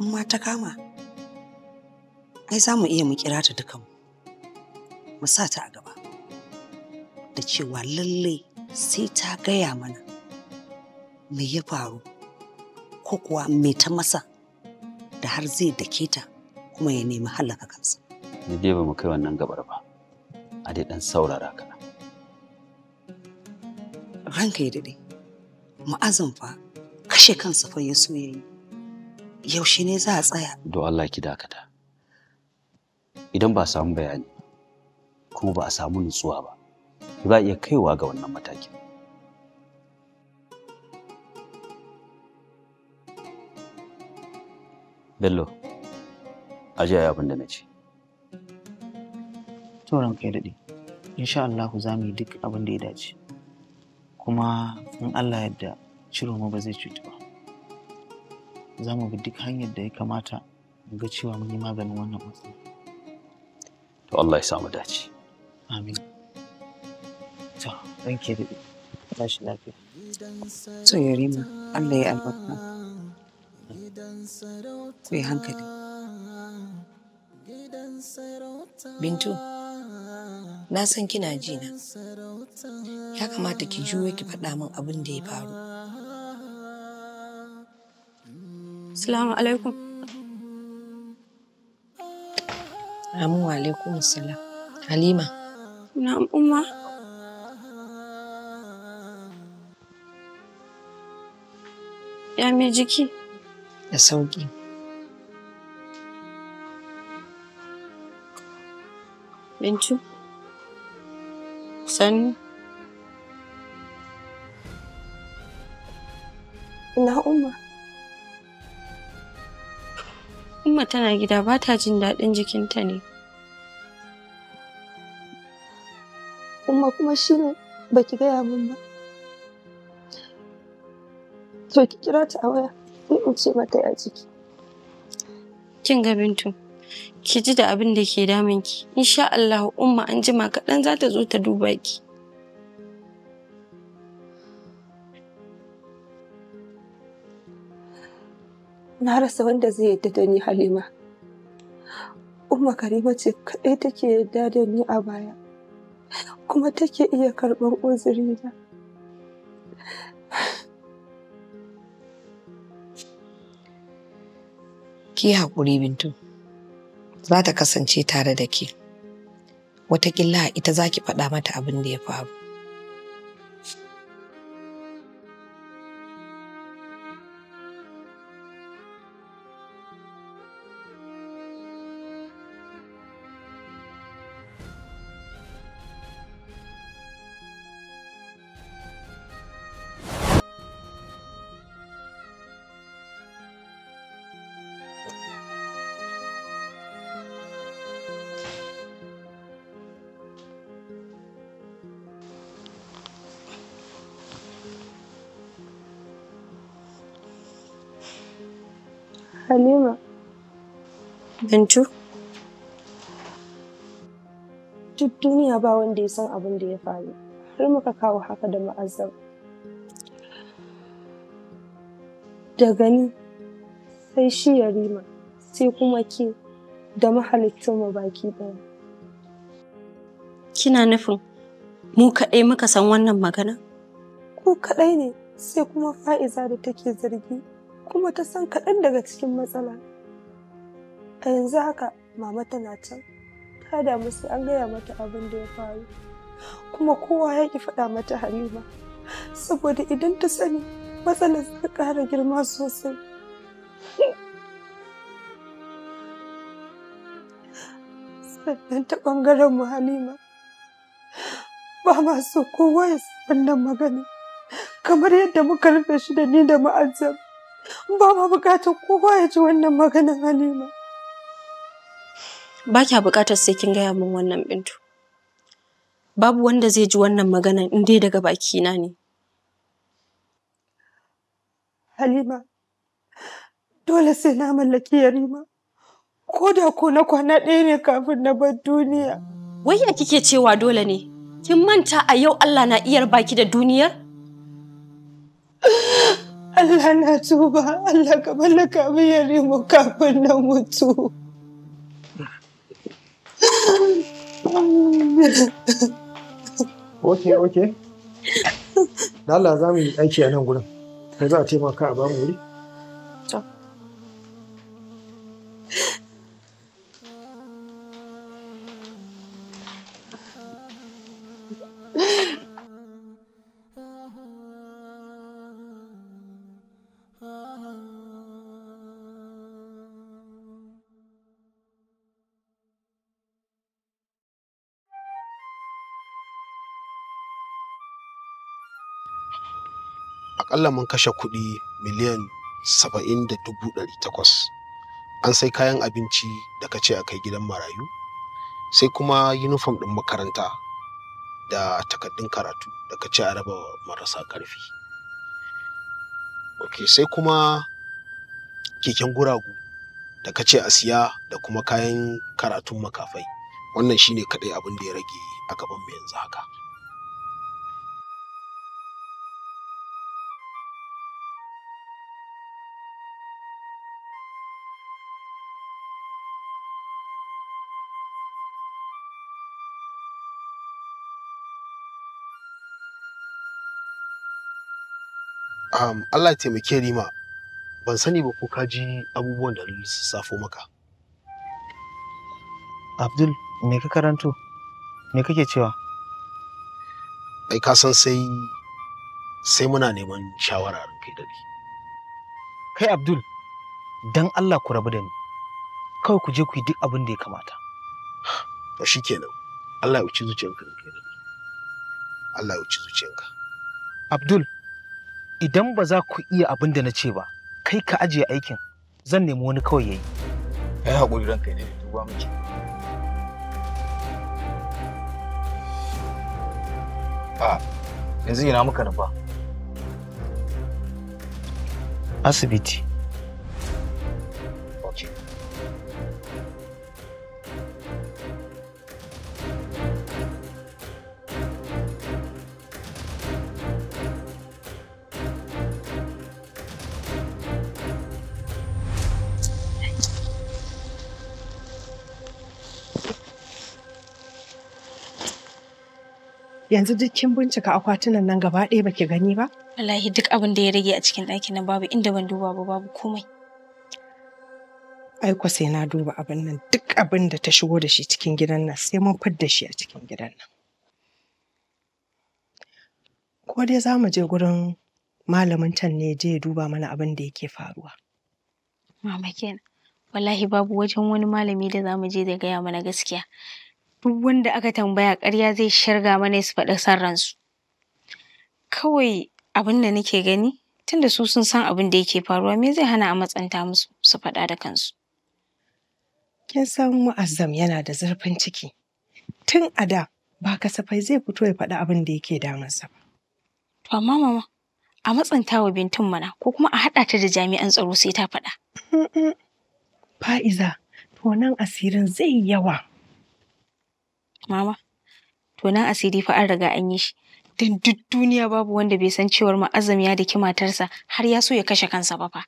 ma ta kama. ai za mu iya mu kira ta dukan mu sa ta a gaba da cewa lallai sai ta gaya mana me ya faru ko kuwa me ta masa da har zai dake ta kuma ya nemi halaka kansa. Ni dai ba mu kai wannan gabar ba, a dai ɗan saurara na. Ranka ya daɗe, ma'azin fa kashe kansa fa ya so yayi. Yaushe ne za a tsaya? Do Allah ki dakata. idan ba a samu bayani ko ba a samu nutsuwa ba za a iya kaiwa ga wannan matakin bello a ji da na ce tsoron kai daɗe insha Allah za mu yi duk abin da ya dace kuma in Allah yadda ciro ma ba zai cutu ba za mu bi duk hanyar da ya kamata ga cewa mun yi maganin wannan matsala to Allah ya samu dace amin to ranke da tashi lafiya to yarima Allah ya albarka ku yi hankali bintu na san kina ji na ya kamata ki juyo ki faɗa min abin da ya faru mm. Assalamu alaikum. Amin wa alaikum salam. Halima. Na'am umma. Ya mai jiki? Da sauki. Bincu. Sani. Na umma. Umma tana gida ba ta jin daɗin jikinta ne. Umma kuma shi ne ba ki gaya min ba. To ki kira ta a waya sai in ce mata ya jiki. Kin ga Bintu, ki ji da abin da ke damun ki. Insha Allah Umma an jima kaɗan za ta zo ta duba ki. na rasa wanda zai yadda da ni halima umma karima ce kaɗai take yadda da ni a baya kuma take iya karɓar uzurina ki haƙuri bintu za ta kasance tare da ke wataƙila ita za ki faɗa mata abin da ya faru Bintu? Duk duniya ba wanda ya san abin da ya faru, har muka kawo haka da ma'azzam. Da gani sai shi yarima, sai kuma ke da ma baki ɗaya. Kina nufin mu kaɗai muka san wannan magana? Ku kaɗai ne sai kuma fa'iza da take zargi, kuma ta san kaɗan daga cikin matsala. a yanzu haka mama tana can ta damu sai an gaya mata abin da ya faru kuma kowa ya ki faɗa mata halima saboda idan ta sani matsalar ta ƙara girma sosai sannan ta ɓangaren mu halima ba ma so kowa ya wannan magana kamar yadda muka rufe shi da ni da ma'ajab ba ma bukatar kowa ya ji wannan maganar halima ba kya buƙatar sai kin gaya min wannan bintu. Babu wanda zai ji wannan maganan in dai daga bakina ne. Halima, dole sai na mallaki Yarima, ko da ko na kwana ɗaya ne kafin na bar duniya. Wai ya kike cewa dole ne? Kin manta a yau Allah na iyar baki da duniyar? Allah na tuba, Allah ka mallaka min Yarima kafin na mutu. ok ok Allah za mu yi aiki a nan gurin. Kai za a taimaka a bamu wuri? akalla mun kashe kuɗi miliyan saba'in da dubu ɗari takwas an sai kayan abinci da ka ce a kai gidan marayu sai kuma yunifom ɗin makaranta da takardun karatu da ka ce a raba marasa ƙarfi ok sai kuma keken guragu da ka ce a siya da kuma kayan karatun makafai wannan shine kaɗai abin da ya rage a gaban mai yanzu haka um, Allah taimake Rima ban sani ba ko ka ji abubuwan da safo maka. Abdul me ka karanto? Me kake cewa? Ai ka san sai sai muna neman shawara kai da ni. Kai Abdul dan Allah ku rabu da ni. Kawai ku je ku yi duk abin da ya kamata. To shikenan. Allah ya wuce zuciyanka kai da ni. Allah ya wuce zuciyanka. Abdul, idan ba za ku iya abin da na ce ba kai ka ajiye aikin zan nemi wani kawai yayi kai haƙuri kai ne duba miki a yanzu ina muka nufa asibiti yanzu duk kin bincika akwatunan nan gaba ɗaya baki gani ba? Wallahi duk abin da ya rage a cikin ɗakin nan babu inda ban duba ba babu komai. Ai sai na duba abin nan duk abin da ta shigo da shi cikin gidan nan sai mun fadda shi a cikin gidan nan. Ko dai za mu je gurin malamin can ne je ya duba mana abin da yake faruwa. Mama kenan. Wallahi babu wajen wani malami da za mu je da gaya mana gaskiya. duk wanda aka tambaya ƙarya zai shirga mana su faɗi son ransu. Kawai abin da nake gani tunda su sun san abin da yake faruwa me zai hana a matsanta musu su faɗa da kansu. Kin san Mu'azzam yana da zurfin ciki. Tun a da ba kasafai zai fito ya faɗi abin da yake damunsa ba. To amma mama a matsanta wa bintun mana ko kuma a haɗa ta da jami'an tsaro sai ta faɗa. Fa'iza, to nan asirin zai yawa. Mama, nan asiri fa an riga an yi shi. Don duk duniya babu wanda bai san cewar azumi ya daki matarsa har ya so ya kashe kansa ba fa.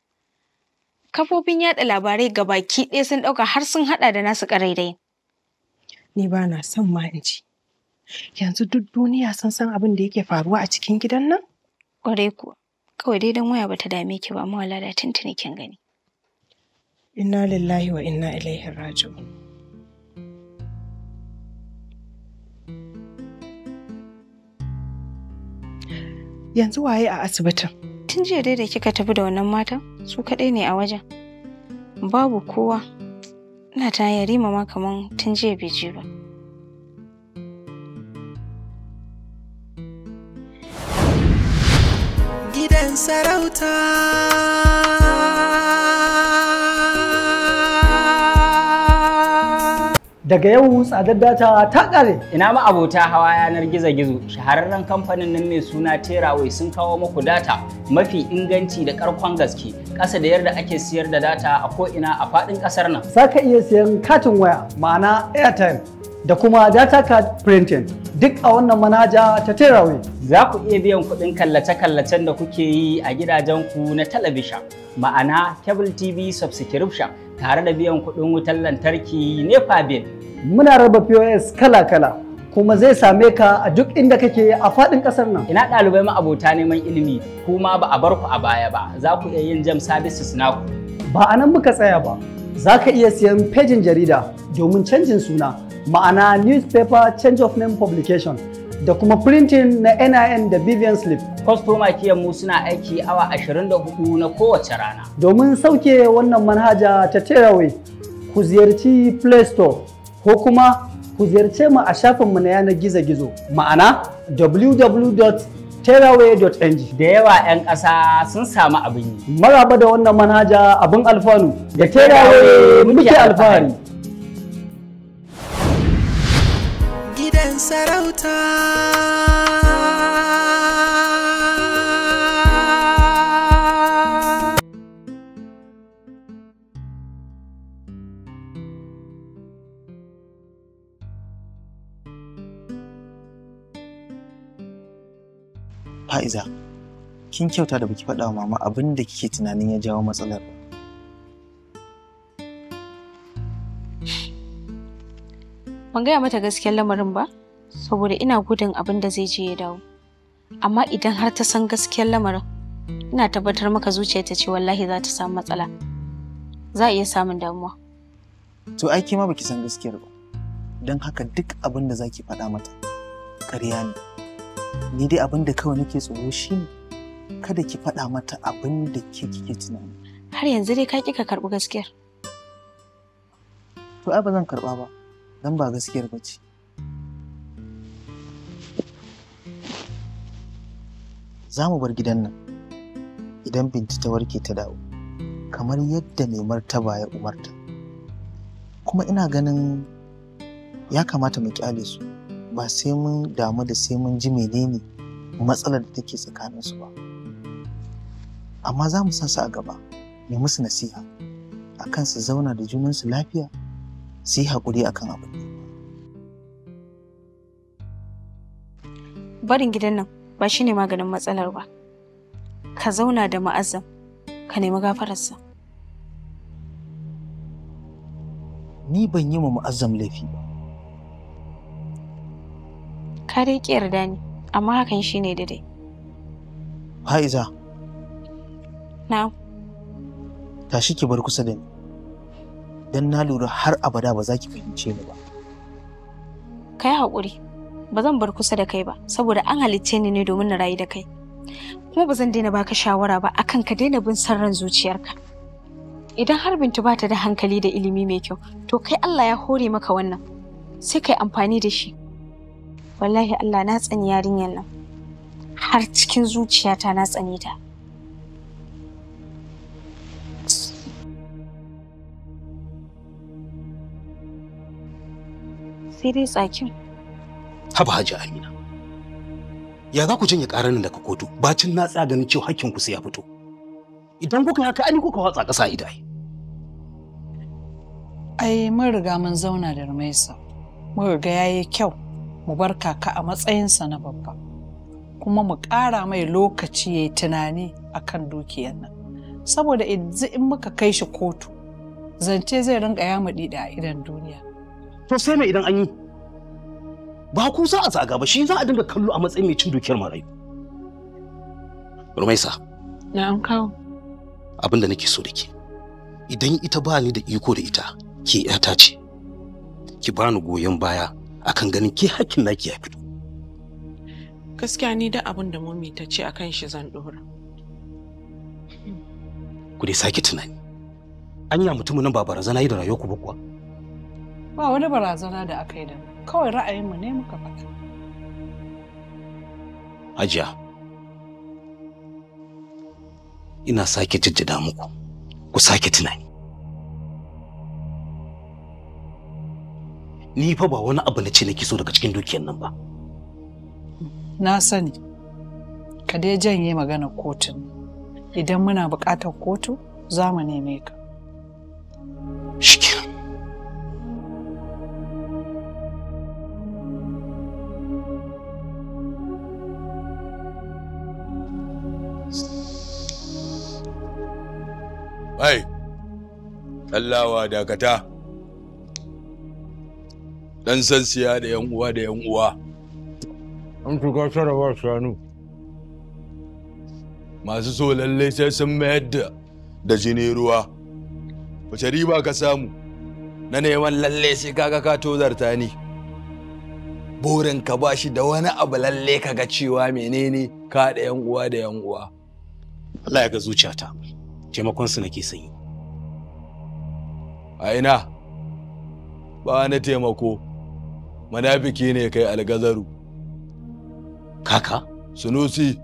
Kafofin yaɗa labarai ga baki ɗaya sun ɗauka har sun haɗa da nasu ƙarairayin. Ni ba na son ma in ji. Yanzu duk duniya sun san abin da yake faruwa a cikin gidan nan? kwarai kuwa. Kawai dai dan waya bata dame ki ba, amma wala da tuntuni kin gani. Inna lillahi wa inna ilaihi raji'un. Yanzu waye a asibitin? Tun jiya dai da kika tafi da wannan matan su kaɗai ne a wajen. Babu kowa. Ina ta yarima ma kaman tun jiya bai je ba. Gidan sarauta. daga yau tsadar data ta ƙare. Ina ma abota hawa yanar gizo-gizo, shahararren kamfanin nan mai suna terawai sun kawo muku data mafi inganci da karkon gaske, ƙasa da yarda ake siyar da data a ina a faɗin ƙasar nan. Za ka iya siyan katin waya, ma'ana airtime, da kuma data card printing duk a wannan manaja ta terawai. Za ku iya biyan kuɗin kallace-kallacen da kuke yi a gidajen ku na talabishin, ma'ana cable TV subscription tare da biyan kuɗin wutar lantarki nepa bill. Muna raba POS kala-kala kuma zai same ka a duk inda kake a faɗin ƙasar nan. Ina ɗalibai abota neman ilimi kuma ba a bar ku a baya ba za ku iya yin jam services naku. Ba a nan muka tsaya ba za ka iya siyan pejin jarida domin canjin suna ma'ana newspaper change of name publication. da kuma printing na NIN da Vivian Slip. Kwastoma mu suna aiki awa 24 na kowace rana. Domin sauke wannan manhaja ta Tearaway, ku ziyarci Play Store ko kuma ku ziyarce mu a shafinmu na yanar gizo-gizo ma'ana www.tearaway.ng. Da yawa 'yan ƙasa sun samu abin yi. Maraba da wannan manhaja abin alfanu da Tearaway muke alfahari. sarauta Fa'iza, kin kyauta da baki faɗa wa mama abin da kike tunanin ya jawo matsalar ban gaya mata gaskiyar lamarin ba? saboda ina gudun abin da zai je ya dawo amma idan har ta san gaskiyar lamarin ina tabbatar maka ta ce wallahi za ta samu matsala za a iya samun damuwa to ai ke ma baki san gaskiyar ba don haka duk abin da zaki faɗa mata ƙarya ne ni dai abin da kawai nake tsoro shi ne, kada ki faɗa mata abin da ke kike tunani har yanzu dai ka ki ka karɓi gaskiyar to ai ba zan karɓa ba dan ba gaskiyar ba ce za mu bar gidan nan idan binti ta warke ta dawo kamar yadda mai martaba ya umarta kuma ina ganin ya kamata mu kyale su ba sai mun damu da sai mun ji menene matsalar da take tsakanin su ba amma za mu sa su a gaba mu musu nasiha akan su zauna da junansu lafiya su yi haƙuri akan abin barin gidan nan ba shi ne maganin matsalar ba ka zauna da ma'azam ka nemi gafararsa ni ban yi ma ma'azam laifi ba ka dai ki yarda ni amma hakan shi ne daidai ha'iza na'am tashi ki bar kusa da ni don na lura har abada ba za ki fahimce ni ba kai haƙuri ba zan bar kusa da kai ba saboda an halicce ni ne domin na rayu da kai kuma ba zan daina baka shawara ba akan ka daina bin sarran zuciyarka idan har bintu ba ta da hankali da ilimi mai kyau to kai Allah ya hore maka wannan sai kai amfani da shi wallahi Allah na tsani yarinyar nan har cikin zuciyata na tsani ta sai dai tsakin haba haji amina ya za ku janye ƙarar daga kotu bacin na tsaya ganin cewa hakkin ku sai ya fito idan kuka haka ani kuka watsa ƙasa ida ai mun riga mun zauna da rumaisa mun riga yayi kyau mu bar kaka a matsayinsa na babba kuma mu ƙara mai lokaci yayi tunani akan dukiyar nan saboda in muka kai shi kotu zance zai rinka yamuɗi da idan duniya to sai mai idan an yi ba ku za a tsaga ba shi za a dinga kallo a matsayin mai cin dukiyar marayu rumaisa na an kawo abin da nake so da ke idan ita ba ni da iko da ita ke yata ce ki bani goyon baya akan ganin ke hakkin naki ya fito gaskiya ni da abin da mummy ta ce akan shi zan dora ku dai sake tunani anya mutumin nan ba barazana yi da rayuwar ku ba kuwa ba wani barazana da aka yi da mu kawai ra'ayinmu ne muka faɗa. Hajiya, ina sake jijjida muku, ku sake tunani. Ni fa ba wani abu na ce nake so daga cikin dukiyar nan ba. Na sani, ka dai janye magana kotun. Idan muna buƙatar kotu, za mu neme ka. Shikin. ai dakata dan san siya da yan uwa da yan uwa an tuka sarrafa shanu masu so lallai sai sun mayar da da jini ruwa wace riba ka samu na neman lallai sai kaga ka tozarta ni borin ka ba shi da wani abu lalle ga cewa menene ka da yan uwa da yan uwa Allah ya ga zuciyata taimakon su nake sanyi a ina ba na taimako manafiki ne kai algazaru kaka sunusi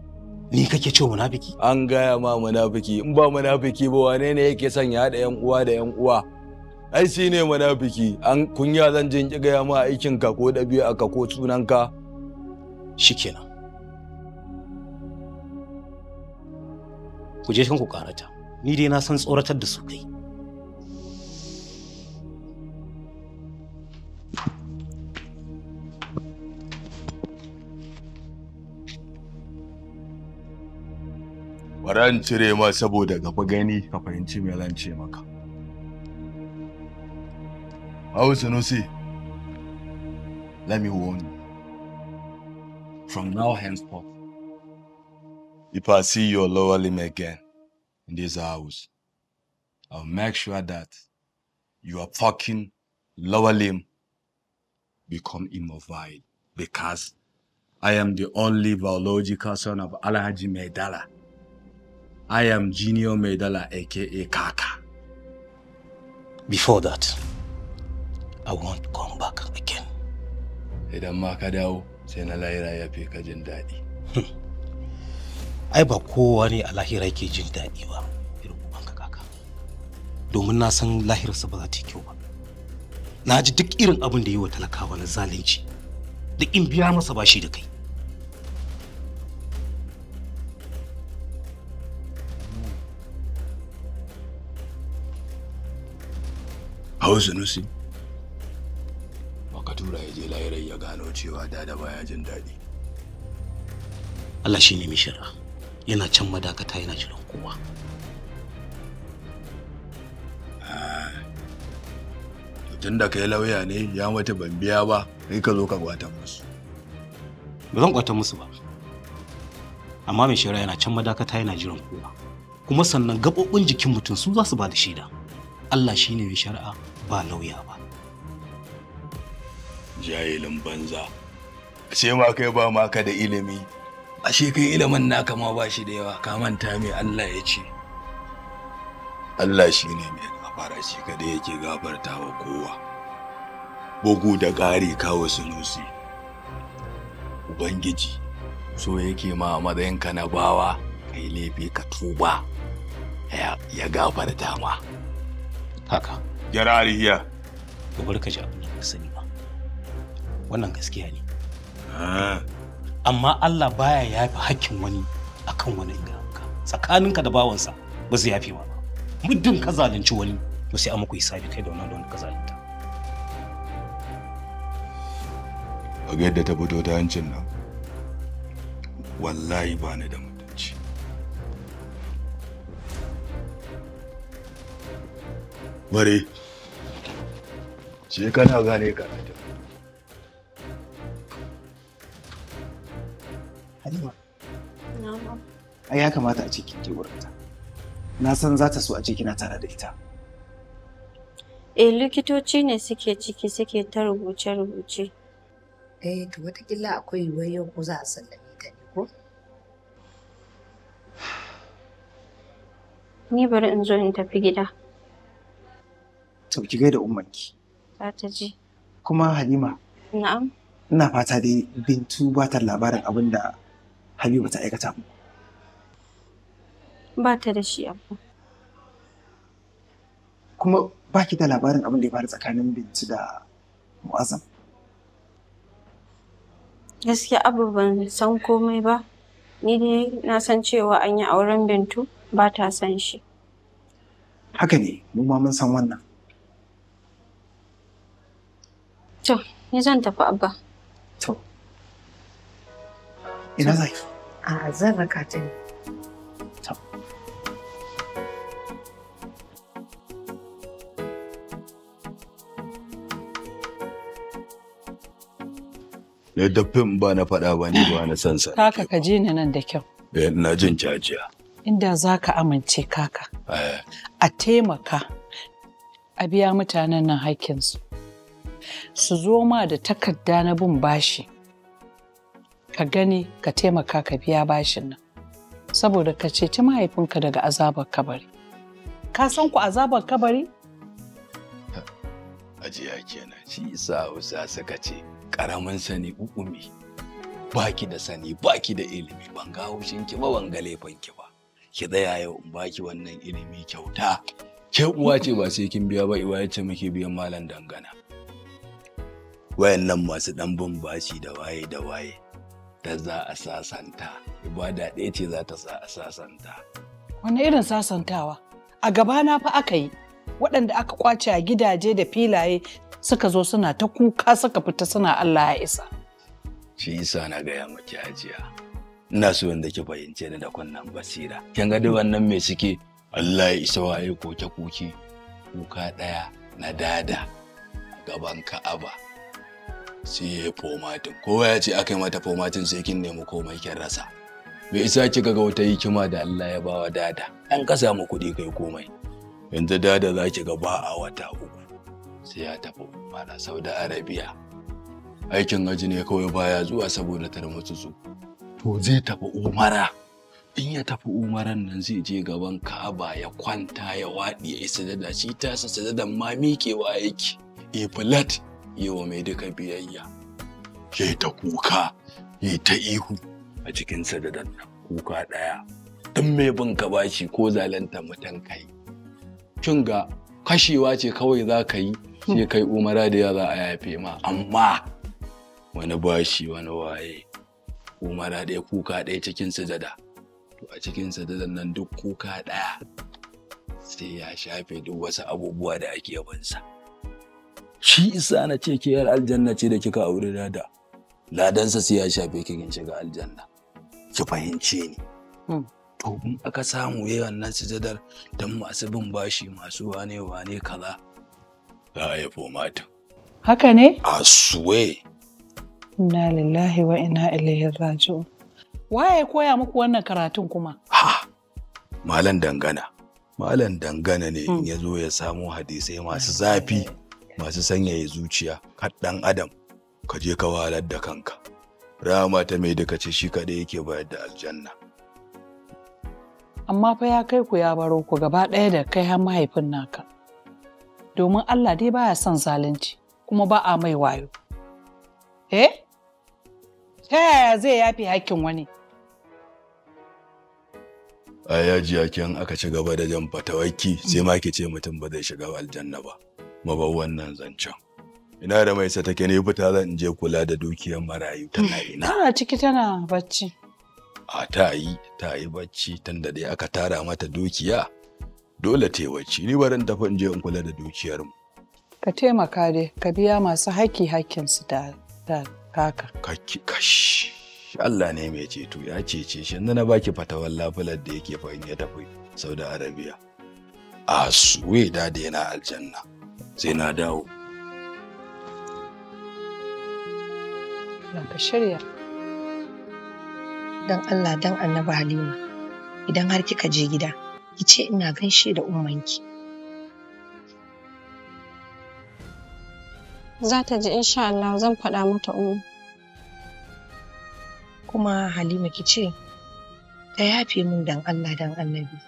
ni kake cewa munafiki an gaya ma munafiki in ba munafiki ba wane ne yake son ya haɗa yan uwa da yan uwa ai shi ne munafiki an kunya zan jin ki gaya ma aikin ka ko ɗabi'a ko sunanka shikenan ku je kan ku karata ni dai na san tsoratar da su kai Baran cire ma saboda gaba gani ka fahimci me zan ce maka Awu Sanusi, let me warn you. From now henceforth, if I see your lower limb again, in this house. I'll make sure that your fucking lower limb become immobile because I am the only biological son of Alhaji Medala. I am Genio Medala, aka Kaka. Before that, I won't come back again. Idan na ai ba kowa ne a lahira yake jin daɗi ba irin ka kaka domin na san lahirarsa ba za ta yi kyau ba na ji duk irin abin da yi wa talakawa na zalunci duk in biya masa bashi da kai Hawa Sanusi, Tura ya je lahirai ya gano cewa dada baya jin daɗi. Allah shi ne mai shari'a. yana can madakata yana jiran kowa ah, tun da kai lauya ne ya mata ban biya ba kai ka zo ka gwata musu ba zan gwata musu ba amma mai shara yana can madakata yana jiran kowa kuma sannan gaɓoɓin jikin mutum su za su ba da shaida Allah shi ne mai shari'a ba lauya ba jahilin banza ce ma kai ba ma ka da ilimi ashe kai ilimin naka ma ba shi da yawa ka manta mai Allah ya ce Allah shi ne mai gafara shi kada yake gafarta wa kowa bugu da ƙari kawo sunusi ubangiji so yake ma a matsayinka na bawa kai laifi ka tuba ya gafarta ma haka gyara ka bar ka ji abin da ka sani ba wannan gaskiya ne ah. amma Allah baya fi hakkin wani akan wani ka tsakaninka da bawansa ba zai yafi ba muddin ka zalunci wani to sai amma muku hisabi kai da wannan don ka zalunta a ga yadda ta fito ta hancin nan wallahi ba ni da mutunci bare je kana gane ta Halima. Ai ya kamata a ce kin je wurinta. Na san za ta so a ce kina tare da ita. Eh likitoci ne suke ciki suke ta rubuce-rubuce. Eh to watakila akwai yiwuwar yau ko za a sallame ta ne ko? Ni bari in zo in tafi gida. To ki gaida ummanki. Za ta ji. Kuma Halima. Na'am. Ina fata dai Bintu ba ta labarin abin da Habiba ta aikata mu. Ba ta da shi abu. Kuma ba ki da labarin abin da ya faru tsakanin Bintu da Mu'azzam? Gaskiya abu ban san komai ba. Ni dai na san cewa an yi auren Bintu ba ta san shi. Haka ne, mu ma mun san wannan. To, ni zan tafi abba. To, Ina za A zan raka ta ne. da daffin ba na faɗa ba ni ba na san sa. Kaka ka je ni nan da kyau. Eh ina jin jajiya. Inda za ka amince kaka. Eh. A taimaka a biya mutanen nan haƙƙinsu. Su zo ma da takarda na bin bashi ka gani ka taimaka ka biya bashin nan saboda ka ceci mahaifinka daga azabar kabari ka san ku azabar kabari ajiya kenan shi isa hausa suka ce karamin sani ukumi baki da sani baki da ilimi ban ga haushin ki ba ban ga ba ki tsaya yau in baki wannan ilimi kyauta ke uwa ce ba sai kin biya ba iwa yace muke biyan malam dangana wayannan masu dan bin bashi da waye da waye da za a sasanta ibada ɗaya ce za ta sa a sasanta wani irin sasantawa a gabana fa aka yi waɗanda aka kwace a gidaje da filaye suka zo suna ta kuka suka fita suna Allah ya isa shi isa na gaya maki ajiya. ina so yadda ki fahimce ni da kunnan basira kin ga duk wannan mai suke Allah ya isa wa koke kuki kuka ɗaya na dada gaban Ka'aba. sai ya yi fomatin kowa ya ce aka yi mata fomatin sai kin nemi komai kin rasa me isa kika ga wata hikima da Allah ya bawa dada an ka samu kuɗi kai komai yanzu dada za ki ga ba a wata uku sai ya tafi mana Saudi Arabia aikin aji ne kawai baya zuwa saboda tarmutsutsu to zai tafi umara in ya tafi umaran nan zai je gaban Ka'aba ya kwanta ya waɗi ya isa da shi ta sa sadadan ma miƙewa yake e yi wa mai duka biyayya ya ta kuka ya ta ihu a cikin sadadan kuka ɗaya ɗin mai bin ka bashi ko zalanta mutan kai kin ga kashewa ce kawai za ka yi sai kai umara da yaza a yafe ma amma wani bashi wani waye umara ɗaya kuka ɗaya cikin sadada to a cikin sadadan nan duk kuka ɗaya sai ya shafe duk wasu abubuwa da ake sa. shi isa na ce ke yar aljanna ce da kika aure lada ladansa sai ya shafe ki kin shiga aljanna ki fahimce ni hmm. to in aka samu yayi wannan sujadar dan masu bin bashi masu wane wane kaza za a yi mata haka ne a suwe inna lillahi wa inna ilaihi raji'un waye koya muku wannan karatun kuma ha malam dangana malam dangana ne in hmm. ya zo ya samo hadisai masu zafi masu sanyaya zuciya har ɗan adam ka je ka wahalar da kanka rahama ta mai duka ce shi kaɗai yake bayar da aljanna amma fa ya kai ku ya baro ku gaba ɗaya da kai har mahaifin naka domin Allah dai baya son zalunci kuma ba a mai wayo eh ta yaya zai yafi hakkin wani a yaji yakin aka ci gaba da jan fatawaki sai ma ke ce mutum ba zai shiga aljanna ba mu wannan zancen ina da mai sa take ne fita zan je kula da dukiyar marayu ta hmm. ina tana ciki tana bacci a ta yi ta yi bacci tunda dai aka tara mata dukiya dole ta yi bacci ni barin tafi in je in kula da dukiyar mu ka taimaka dai ka biya masu haƙƙi haƙƙinsu da da kaka kaki kashi Allah ne mai ceto ya cece shi na baki fatawar lafilar da yake fa in ya tafi Saudi Arabia a suwe da yana aljanna sai na dawo. Ka shirya. Don Allah don annabi Halima, idan har kika je gida, ki ce ina gaishe da ummanki. Za ta ji insha Allah zan faɗa mata umu. Kuma Halima ki ce, ta yafe min dan Allah don annabi.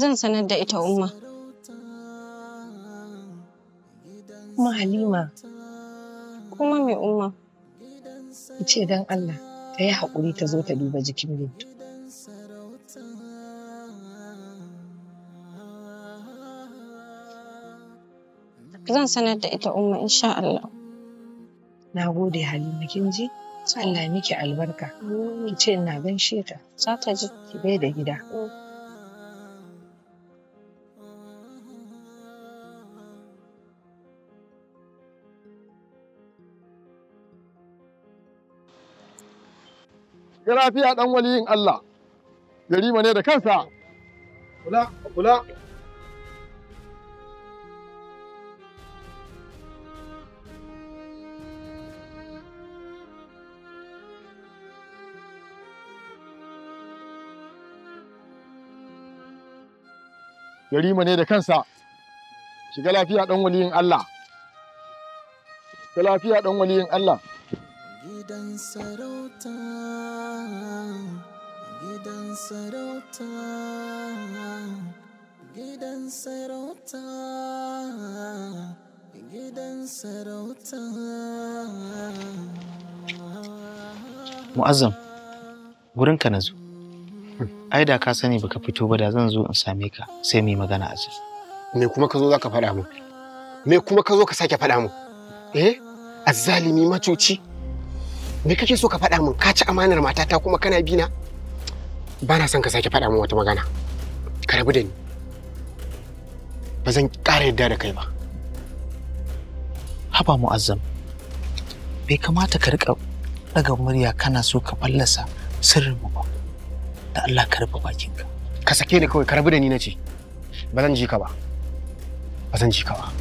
Zan sanar da ita umma. Kuma Halima. Kuma mai umma. Ice ce don Allah ta yi haƙuri ta zo ta duba jikin Bintu. Zan sanar da ita umma insha Allah. Na gode Halima kin ji? Allah miki albarka. Ki ce na ganshe ta. Za ta ji. Ki bai da gida. Mm. ya rafiya dan waliyin Allah yarima ne da kansa kula kula yarima ne da kansa shiga lafiya dan waliyin Allah shiga lafiya dan waliyin Allah gidan sarauta gidan sarauta gidan sarauta gidan sarauta mu'azzam gurin ka na zo ai da ka sani baka fito ba da zan zo in same ka sai mu yi magana a me kuma ka zo za ka faɗa mu me kuma ka zo ka sake faɗa mu eh azzalimi macuci me kake so ka faɗa min ka ci amanar matata kuma kana bi na ba na son ka sake faɗa min wata magana ka rabu da ni ba zan ƙara yarda da kai ba haba mu'azzam bai kamata ka riƙa daga murya kana so ka fallasa sirrinmu ba da Allah ka rufe bakinka ka sake ni kawai ka rabu da ni nace ba zan ji ka ba ba zan ji ka ba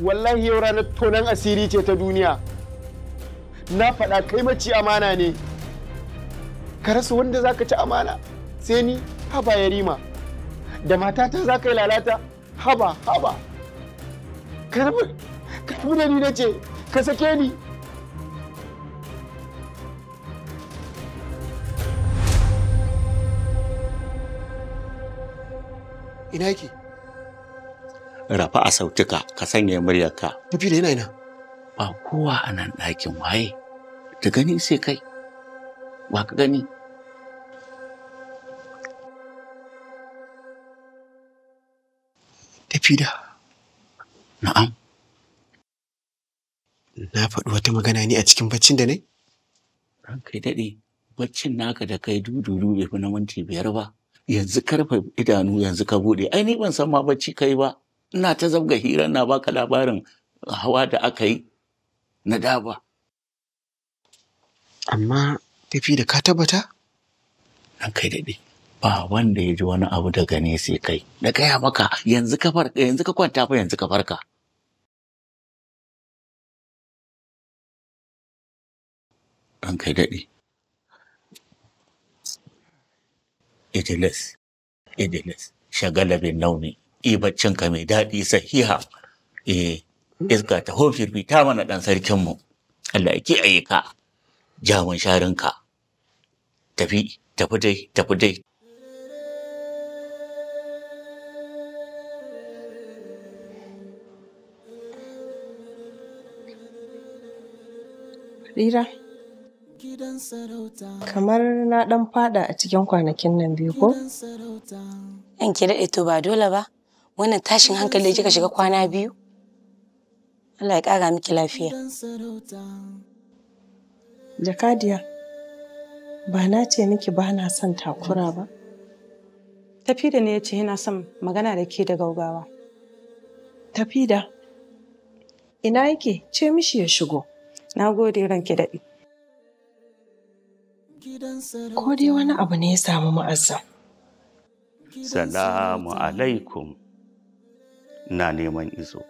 wallahi yau ranar tonan asiri ce ta duniya na faɗa kai mace amana ne ka rasa wanda za ka ci amana sai ni haba ya rima da matata za ka yi lalata haba haba ka rabu da ni na ce ka sake ni ina yake rafa a sautuka ka sanya muryarka tafi da yana ina ba kowa a nan ɗakin waye da gani sai kai ba ka gani tafi da na'am na faɗi wata magana ne a cikin baccin da ne? kai daɗe baccin naka da kai dudu bai fi na minti biyar ba yanzu karfe idanu yanzu ka buɗe ai ni ban san ma bacci kai ba ina ta zabga hirar na baka labarin hawa da aka yi na da ba. Amma tafi da ka tabbata? An kai daɗe. Ba wanda ya ji wani abu daga ne sai kai. Da gaya maka yanzu ka farka yanzu ka kwanta fa yanzu ka farka. An kai daɗe. Idilis, Idilis, shagala bin nauni, Ibaccinka mai daɗi sahiha. Eh, iska ta hofir ta mana ɗan sarkinmu Allah ya ayyuka, ka jaman sharinka tafi tafi dai tafi dai Rira, kamar na ɗan fada a cikin kwanakin nan biyu ko? Yan kira daɗe to ba dole ba, wannan tashin hankali da kika shiga kwana biyu. Allah ya ƙara miki lafiya. Jakadiya, ba na ce miki ba na son takura ba. Tafida ne ya ce yana son magana da ke da gaugawa. Tafida. ina yake ce mishi ya shigo. Na gode ranke daɗi. Ko dai wani abu ne ya samu ma'azza Salamu alaikum. Na neman izo.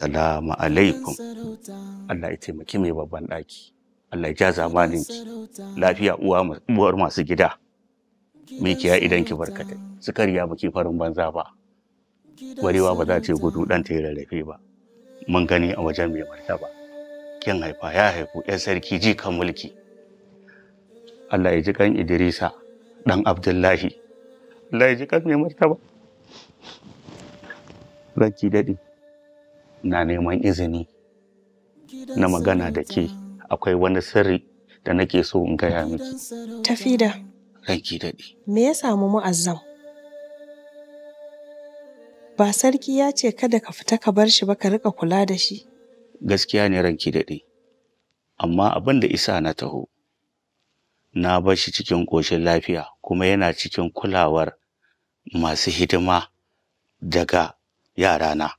Assalamu alaikum. Allah ya taimaki mai babban ɗaki. Allah ya ja zamaninki. Lafiya uwar masu gida. Mikiya idan ki barkatai. Sukariya baki farin banza ba. Warewa ba za ta yi gudu ɗan ta yi rarrafe ba. Mun gani a wajen mai martaba. Kin haifa ya haifu 'yan sarki ji kan mulki. Allah ya ji kan Idrisa ɗan Abdullahi. Allah ya ji kan mai martaba. Ranki daɗi. na neman izini na magana da ke akwai wani sirri da nake so in gaya miki. Tafida. Ranki daɗi. Me ya samu mu'azzam? Ba sarki ya ce kada ka fita ka bar shi ba ka riƙa kula da shi. Gaskiya ne ranki daɗi. Amma abin da isa na taho. Na bar shi cikin ƙoshin lafiya kuma yana cikin kulawar masu hidima daga yarana.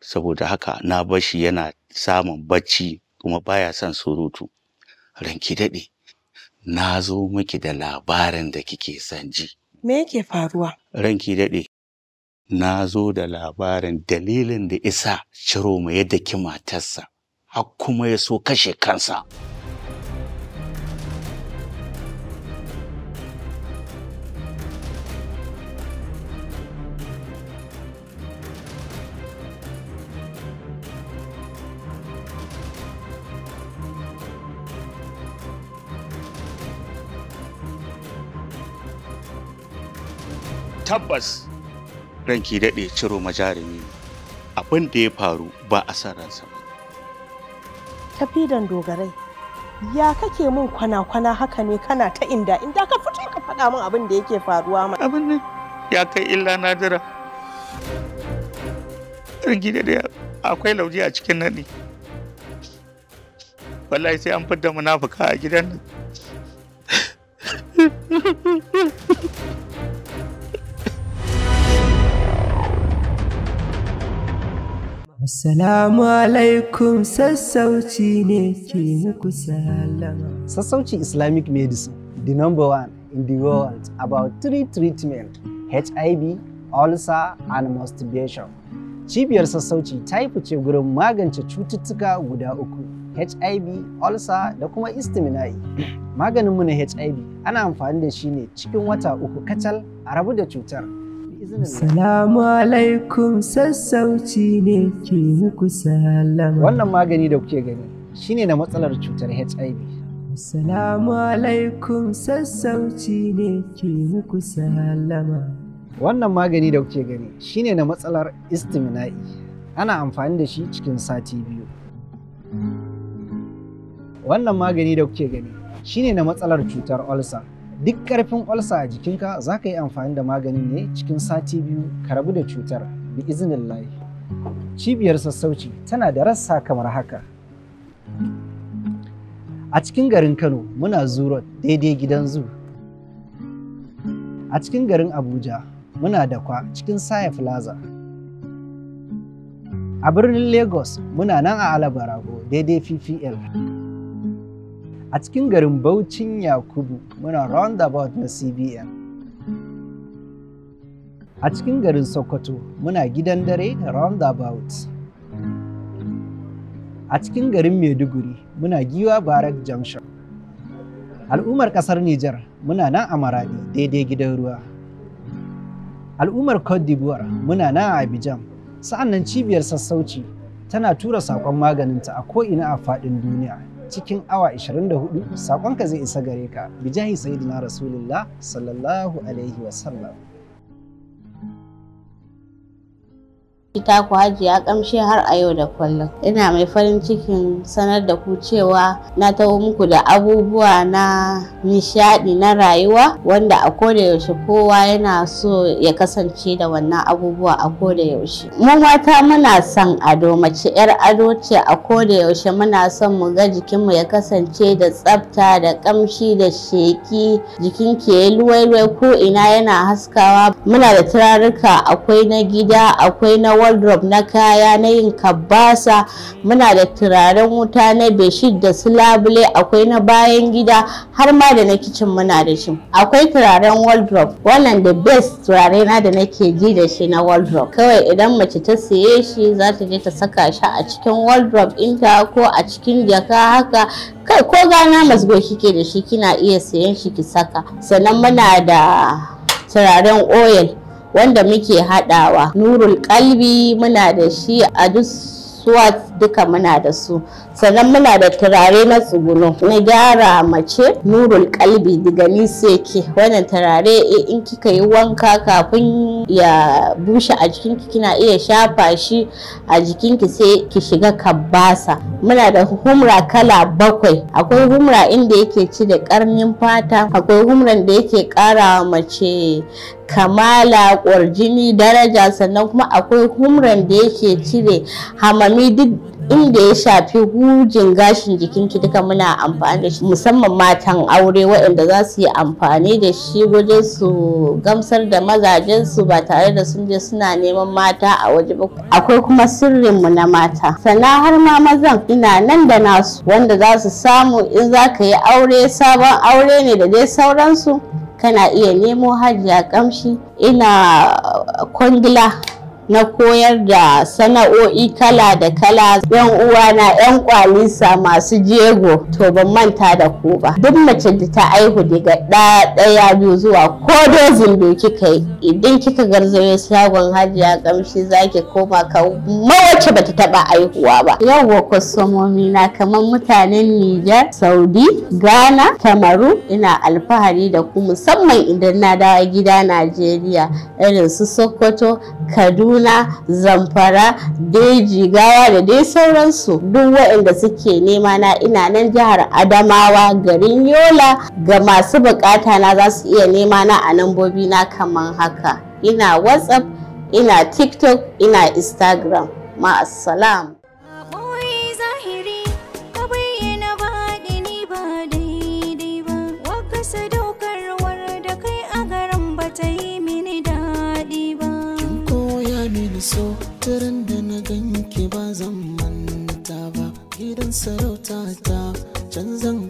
saboda haka na bashi yana samun bacci kuma baya son surutu ranki daɗe na zo miki da labarin da kike son ji me yake faruwa ranki daɗe na zo da labarin dalilin da isa ciro ma yadda ki matarsa har kuma ya so kashe kansa ranki daɗe ciro majarumi abin da ya faru ba a san ransa ba. Tafidan dogarai, ya kake min kwana-kwana haka ne kana ta inda inda ka fito ka faɗa min abin da yake faruwa ma. Abin ne ya kai illa nadira. Ranki daɗe akwai lauje a cikin naɗi. Wallahi sai an fidda munafuka a gidan nan. [LAUGHS] Assalamu alaikum sassauci ne ke muku salama. Sassauci Islamic medicine, the number one in the world about three treatment, HIV, ulcer, and masturbation. Cibiyar sassauci ta yi fice gurin magance cututtuka guda uku, HIV, ulcer da kuma istimina'i. Maganinmu na HIV ana amfani da shi ne cikin wata uku kacal a rabu da cutar. Salamu alaikum sassauci ne ke muku salama. Wannan magani da kuke gani shine na matsalar cutar HIV. Salamu alaikum sassauci ne ke muku salama. Wannan magani da kuke gani shine na matsalar istimina'i. Ana amfani da shi cikin sati biyu. Wannan magani da kuke gani shine na matsalar cutar ulcer. duk karfin olsa a jikinka za ka yi amfani da maganin ne cikin sati biyu ka rabu da cutar bi izinin layi cibiyar sassauci tana da rassa kamar haka a cikin garin kano muna zuro daidai gidan zu a cikin garin abuja muna da kwa cikin saya plaza a birnin lagos muna nan a alabarago daidai ppl a cikin garin Baucin Yakubu muna roundabout na CBN. A cikin garin Sokoto muna gidan dare roundabout. A cikin garin Maiduguri muna giwa Barak Junction. Al'ummar ƙasar Nijar muna nan a Maradi daidai gidan ruwa. Al'ummar Cote d'Ivoire muna nan a Abidjan sa'annan cibiyar sassauci tana tura saƙon maganinta a ko'ina a faɗin duniya cikin awa 24 sakonka zai isa gare ka bijahi sayyidina rasulullah sallallahu alaihi wasallam Ita ku hajiya kamshe har a yau da kullum. Ina mai farin cikin sanar da ku cewa na taho muku da abubuwa na nishadi na rayuwa wanda a koda yaushe kowa yana so ya kasance da wannan abubuwa a koda yaushe. Mu mata muna son ado mace yar ado ce a koda yaushe muna son mu ga mu ya kasance da tsafta da kamshi da sheki jikin ke yayi luwai ko ina yana haskawa muna da turaruka akwai na gida akwai na wardrobe na kaya na yin kabasa muna da turaren wuta na beshit da su labule akwai na bayan gida har ma da na kicin muna da shi akwai turaren wardrobe wannan da best turare na da nake ji da shi na wardrobe kawai idan mace ta saye shi za ta je ta saka shi a cikin wardrobe ɗinta ko a cikin jaka haka kai ko gana masgo kike da shi kina iya siyan shi ki saka sannan muna da turaren oil wanda muke haɗawa nurul kalbi muna da shi a duk swat duka muna da su sannan muna da turare na tsuguno na gyara mace nurul kalbi daga liseki wannan turare eh, in kika yi wanka kafin ya bushe a jikinki kina iya shafa shi a jikin ki, sai ki shiga kabasa muna da humra kala bakwai akwai humra inda yake ci da karnin fata akwai humran da yake kara mace kamala kwarjini daraja sannan kuma akwai humran da yake cire hamami duk inda ya shafi hujin gashin jikinki duka muna amfani da shi musamman matan aure waɗanda za su yi amfani da shi wajen su gamsar da mazajensu ba tare da sun je suna neman mata a waje ba akwai kuma sirrinmu na mata sannan har ma mazan ina nan da nasu wanda za su samu in za ka yi aure sabon aure ne da dai sauransu kana iya nemo hajiya kamshi ina kwangila na koyar da sana'o'i kala da kala yan na yan kwalisa masu jego to ban manta da ku ba duk mace da ta aihu daga ɗaya biyu zuwa ko dozin biyu kika yi idan kika garzayo shagon hajiya kamshi zaki koma ka mawace bata taba aihuwa ba yawwa kwasomomi na kamar mutanen Nijar Saudi Ghana Kamaru ina alfahari da ku musamman idan na dawo gida Najeriya irin su Sokoto Kaduna kaduna zamfara deji gawa da dai sauransu duk waɗanda suke nema na ina nan jihar adamawa garin yola ga masu bukata na za su iya nema na a lambobi na kamar haka ina whatsapp ina tiktok ina instagram ma'assalam daren da na ganke ba zan manta ba, gidan sarauta ta canzan